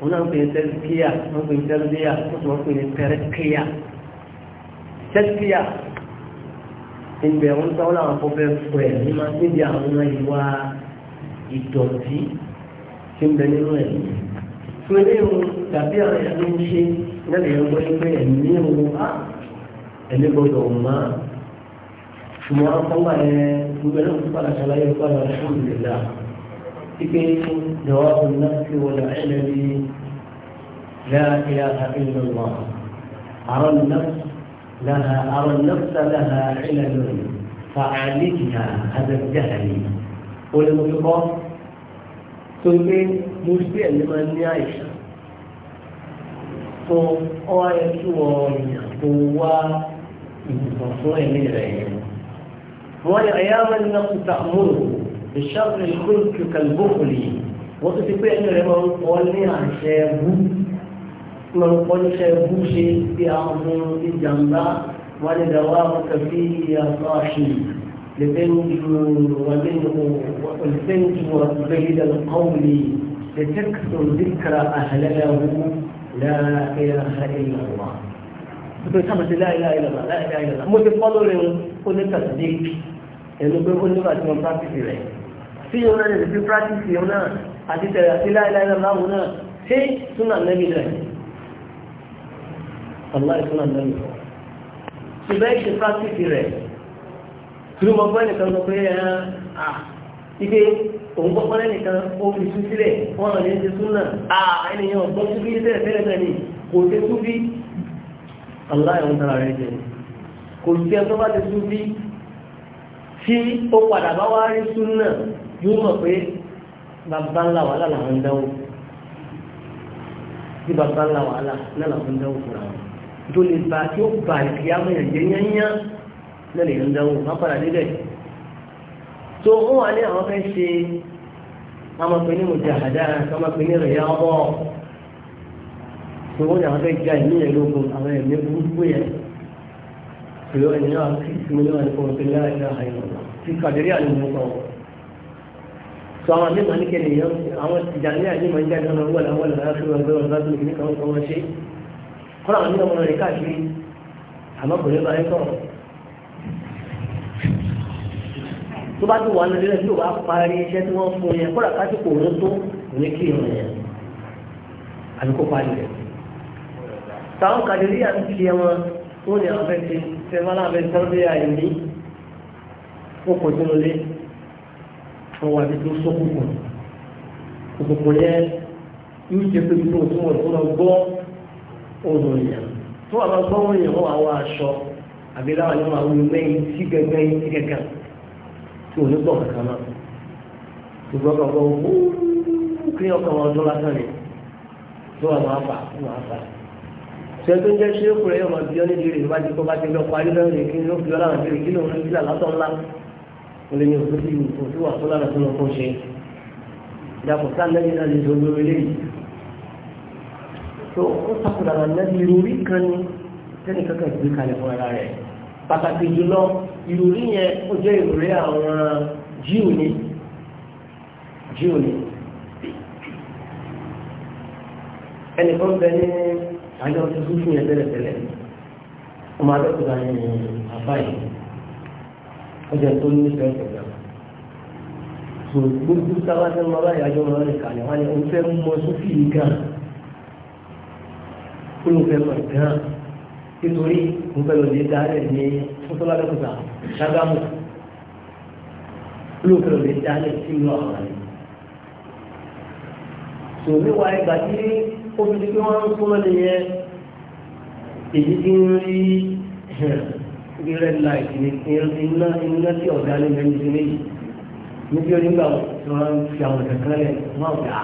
wọn náà ń pè ní tẹ́lifíà wọn pè ní tẹ́lifíà wọn sì wọ́n pè ní tẹ́lifíà tẹ́lifíà ìgbẹ̀ wọn sọ wọn làwọn fọ ẹ̀ ní máa níbi àwọn ìwà ìdọ̀tí tí ń bẹ nínú ẹ̀mí fún ilé ìwọ̀n tàbí àwọn ẹ̀mí ń ṣe nílẹ̀ yẹn gbọ́ pé ẹ̀mí ìwọ̀n ẹ̀mí gbọ́dọ̀ máa ṣùgbọ́n fọ́nbà yẹn gbogbo náà ti padà ṣàlàyé padà alhamdulillah ipe jawabu nafsi wal ilmi la ilaha illallah ara nafs laha ara nafsa laha ilmi fa'alikha hada jahli olùmọ̀tòkọ́ tó gbé mo rí bí ẹ̀mí máa ní àìsàn tó ọ́ ayẹ́ kí wọ́n yàn kó wá ìbùkún fún ẹ̀mí rẹ̀ yẹn. وانا اياما النفس تأمره بشر الخلق كالبخل وتتبع ان لما نقولني عن شابو ما نقول شابو شيء في عظم في جنبا ولدوامك فيه يا صاحي لبنت ومنه والبنت وبيد القول لتكثر ذكر اهله لا اله الا الله pé sábà ṣe láìlá ìlànà láìlá ìlànà mo ti kọ́ lórí wọn ó ní tàbí ẹnu pé ó nígbà tí wọ́n pàtìsì rẹ̀ tí yóò náà lè fi pàtìsì yóò náà àti tẹ̀lé àti láìlá ìlànà àwọn náà ṣé súnà lẹ́bi rẹ̀ ọ̀la ìsúnà lẹ́bi ṣùgbọ́n ìṣe pàtìsì rẹ̀ tí mo gbọ́ nìkan sọ pé ah, ah, ike òun gbọ́gbọ́n lẹ́nìkan ó fi sún sílẹ̀ wọ́n rẹ̀ ní ti súnà à ah, ẹnìyàn gbọ́ aláìwọ̀n tara rẹ̀ jẹ́ kò sí ẹjọ́ bá ti sún bí tí ó padà bá wá rí sún náà yóò mọ̀ pé bàbá ńlá wàhálà làwọn ń dáwọ́ tí bàbá ńlá wàhálà náà làwọn ń dáwọ́ fúnra wọn tó lè ba tí ó ba ìkìyàmọ̀ yẹn jẹ́ yányá náà lè ń dáwọ́ má padà débẹ̀ tó wọ́n wà ní àwọn fẹ́ ṣe àwọn pè ní mùjáhàdá àwọn pè ní rẹ̀ yá ọ́ tí wọ́n ní àwọn fẹ́ já ìní yẹn lógun àwọn ẹ̀mí gbogbo yẹn pẹ̀lú ẹni náà kí ìsinmi náà ní fún ọ̀sẹ̀ láì náà àyẹ̀wò tí kàdérí àlè mú sọ. sọ àwọn àmì màá ní kẹ́lẹ̀ yẹn àwọn ìjà ní àyè máa ń jáde náà wọ́n làwọn làwọn aṣọ ọgbẹ́ wọn bá tó ní káwọn kọ́ wọn ṣe. kọ́lá àwọn nínú ọmọ rẹ̀ káàkiri àmọ́ kò táwọn kàdérí à ń tiẹ̀ wọn wọ́n ní àwọn fẹ́ẹ́ ṣe wọ́n láwọn fẹ́ẹ́ sọ́dọ̀ yà ẹ̀mí wọ́n kò tó lé wọ́n wà ní tó sókùnkùn òkùnkùn yẹn yóò jẹ́ pé bí wọ́n tún wọ́n tún lọ gbọ́ òun yẹn tó wà bá gbọ́ òun yẹn wọ́n wà wọ aṣọ àbí láwọn yẹn wà wọ mẹ́yìn sí gẹ́gẹ́ yín sí gẹ́gẹ́ tí ò ní gbọ́ kankan náà ṣùgbọ́n kankan wọ́n kí ọkàn wọn dún lásán ni tó wà máa fà máa fà ṣe tó ń jẹ́ ṣé kúrẹ́ yóò máa bí ọ́ níbi rẹ̀ bá ti kọ́ bá ti lọ parí náà rè kí ló fi ọ́ láwọn ìbéèrè kí ló ń gbìlà látọ̀ ńlá ó lè ní òkú tí òkú tí wà fún lára tó lọ fún ṣe ìdàpọ̀ sáà lẹ́yìn náà lè sọ lórí eléyìí tó ó sàkùnà lẹ́yìn ìròrí kan ní sẹ́ni kankan ìgbé kalẹ̀ fún ara rẹ̀ pàtàkì jùlọ ìròrí yẹn ó jẹ́ ìròrí àwọn jíò ní jíò ní ẹnìkan àjọ ti kú fún yẹn tẹ́lẹ̀tẹ́lẹ̀ ọmọ adọ́kùnrin ayé ni bàbá yìí ọjà tó ní fẹ́ẹ́ tẹ̀lé tó gbogbo sábà tẹ́ ọmọ báyìí àjọ ọmọ rẹ̀ kàlẹ̀ wọn ni òun fẹ́ mọ sófì yìí gan òun fẹ́ mọ gan nítorí òun fẹ́ lọ lè dá rẹ̀ ní fúnfọ́lá dọ́kùnrin ṣàgámù òun fẹ́ lọ lè dá rẹ̀ sínú àwọn àyè tòun ní wàá ìgbà tí ó fi wọ́n ń súnmọ́ nìyẹn èyí tí ń rí red light ní iná iná tí ọ̀gá ní ẹni tí méjì níbi onígbà tí wọ́n ń fi àwọn kankan lẹ̀ wọ́n ń gbà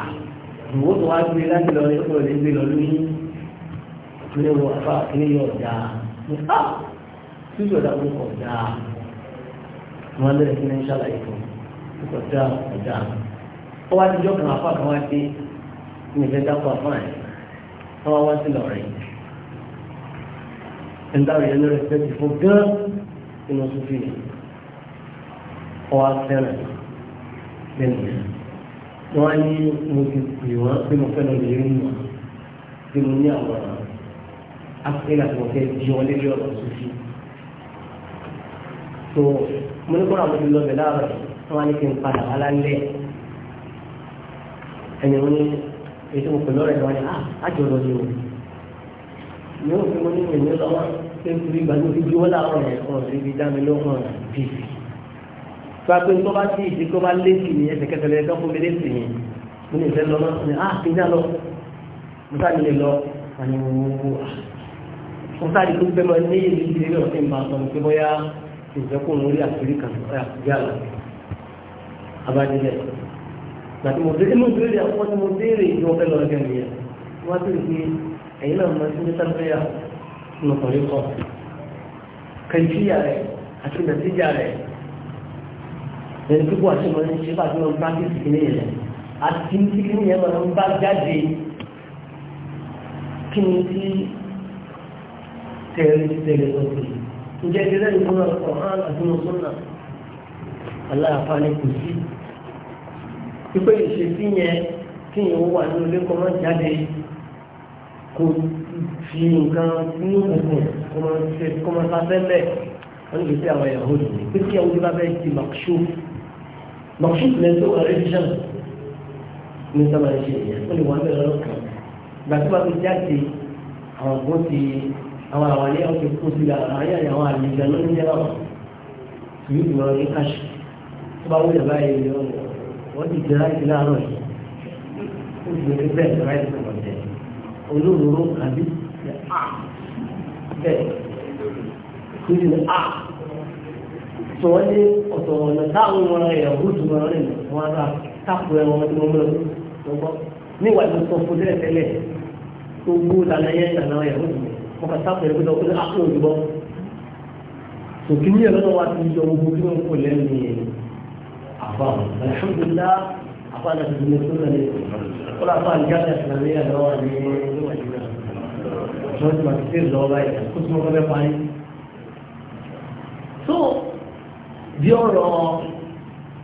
ìwọ́n tó wá gbé láti lọ ní ọ̀pọ̀ gbé lọ lóyún ìpínlẹ̀ wọ afá ìpínlẹ̀ yọ ọ̀dà ní á tí yóò dá orúkọ ọ̀dà wọn lè fi ní ṣàlàyé fún ọ̀dà ọ̀dà ó wá ti kan afá kan wá dé ní ìfẹ́ dápọ̀ fáìn wọ́n wá sí lọ́rẹ̀ ẹ̀ńdáwò yẹn lórí ẹ̀fẹ́ ti fún gán inú sófin ni ọwọ́ fẹ́ràn lẹ́nu wọ́n á ní mo ti pè wọ́n pé mo fẹ́ lọ lè rí wọn pé mo ní àwọn afẹ́lẹ́ àti ọ̀fẹ́ di wọn lé lọ́rọ̀ sófin tó mo ní kóra mo ti lọ bẹ̀ láàrọ̀ wọ́n á ní kí n padà wá lálẹ́ ẹni wọ́n ní èyí tó mo pè lọ́rẹ̀ wọn ni ah, àjọ lọ ni o ní o fi mo ní ìwé lọ́wọ́ pé kúrú ìgbà tó fi gbówó láwọn ẹ̀ ọ̀ sí ibi dámi ló hàn bí. gba pé tó bá tí ìdí tó bá léèkì ní ẹsẹ̀ kẹsẹ̀ lẹ́yìn tó fún mi léèkì yẹn mo ní ìfẹ́ lọ náà mo ní à ah, kí n já lọ mo sáré lè lọ àní mo wo mo sáré tó fẹ́ mọ ní èyí ti rí ọ̀sẹ̀ ìmọ̀ àtọ̀ pé bóyá ìjẹ́kùn lórí àṣírí kan ọ̀yà àbájáde gbàtí mo béèrè mo béèrè àwọn tí mo béèrè ìjọ ọ̀fẹ́ lọ gẹ́gẹ́ nìyẹn wọ́n á béèrè pé ẹ̀yin náà máa ń ṣe sábẹ́yà lọ́kùnrin kan kẹ̀kíyà rẹ̀ àti nàìjíríà rẹ̀ ẹni pípọ̀ àti ìmọ̀ ní ṣe bàtí wọn practice kìíní yẹn àti tí kìíní yẹn máa ń bá jáde kí ni tí tẹ̀lé tẹ̀lé lọ́kùnrin ǹjẹ́ ìdílé ìfúnná ọ̀hán àti mọ̀sánná aláàfáà ni kò sí pípé ìṣesí yẹn kí yẹn wà ní ilé kọ́ máa jáde kò fi nǹkan nínú òkun kọ́ máa sáfẹ́ bẹ́ẹ̀ wọ́n lè fi àwọn ìyàwó lò ní pé kí ìyàwó bá bẹ́ẹ̀ di makṣú makṣú lẹ́sọ̀ ọ̀rẹ́díṣàn ní sábà ń ṣe ìyẹn ó lè wọ́n bẹ̀rẹ̀ lọ́kàn ìgbà tí wọ́n ti jáde àwọn ọ̀gbọ́n ti àwọn àwọn ilé ọ̀gbìn kó sí àárín àwọn àlejò wọ́n ti jẹ́ láti láàárọ̀ yìí ó ti bẹ̀rẹ̀ bẹ́ẹ̀ lọ́wọ́ ẹ̀ lọ́wọ́ jẹ́ olóróró àbí bẹ́ẹ̀ kí ni a sọ wọ́n ní ọ̀tọ̀ ọ̀nà táwọn ọmọ rẹ̀ yẹn òkútu wọn rẹ̀ wọn bá táàpù ẹ̀ wọn tí wọ́n mọ̀ lọ́wọ́ níwà ló sọ fún tẹ́lẹ̀ tẹ́lẹ̀ tó gbó lànà yẹn lànà yẹn wọn kà táàpù ẹ̀ lọ́wọ́ pé أخبار الحمد لله أعطانا في الدنيا كلها ولا أعطانا الجامعة الإسلامية اللي هو مجمع كثير اللي هو بايع قسم ربيع فاين so bí ọ̀rọ̀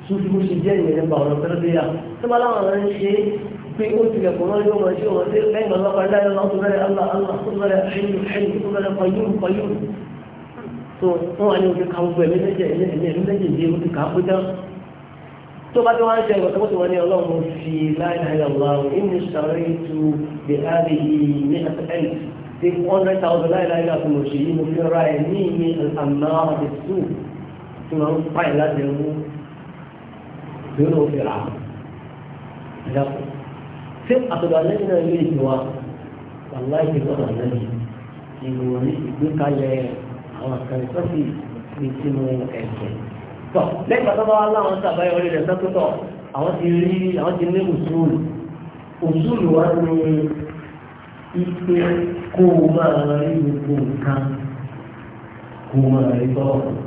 sunfún ṣe jẹ́ ìyẹn nípa ọ̀rọ̀ tẹ́lẹ̀dẹ́yà tó bá láwọn ọ̀rẹ́ ń ṣe pé ó ti lẹ̀kọ́ náà yóò máa ṣe wọ́n sí lẹ́yìn ọlọ́pàá dáyọ̀ náà tó bẹ̀rẹ̀ allah allah tó bẹ̀rẹ̀ ẹ̀yìn ẹ̀yìn tó bẹ̀rẹ̀ fayún fayún so wọ́n wà ní ojú kan gbogbo ẹ̀mí lẹ́jẹ̀ ẹ̀mí lẹ́jẹ̀ ìdí ó ti kà á kó jẹ́ tó bá tí wọ́n ń ṣe ìwọ̀n tó wọ́n ní ọlọ́run fi láìláìláwọ̀ inú ṣàrẹ́ tu bí a lè yí ní ẹ̀ẹ́d tí one hundred thousand láìláìlá fún mi ṣe yí mo fi ra ẹ̀ ní ìní àmà ọ̀dẹ̀ tù tí wọ́n ń pààyàn láti ẹ̀wọ́ yóò lọ fi rà á. ìdàpọ̀ tí àtọ̀dọ̀ alẹ́ náà lè jù wá wàláì ti gbọ́dọ̀ alẹ́ ìròyìn ìgbékalẹ̀ àwọn àkàrẹ́sọ́sì ní sínú ẹ̀jẹ̀ tọ̀ lẹ́yìn pàtàkì wọn láwọn sàbáyọ orí rẹ̀ sẹ́kútọ̀ àwọn ti rí àwọn ti ní òṣùlù òṣùlù wa ní ipe kó o máa rí gbogbo nǹkan kó máa rí tọ́ọ̀kù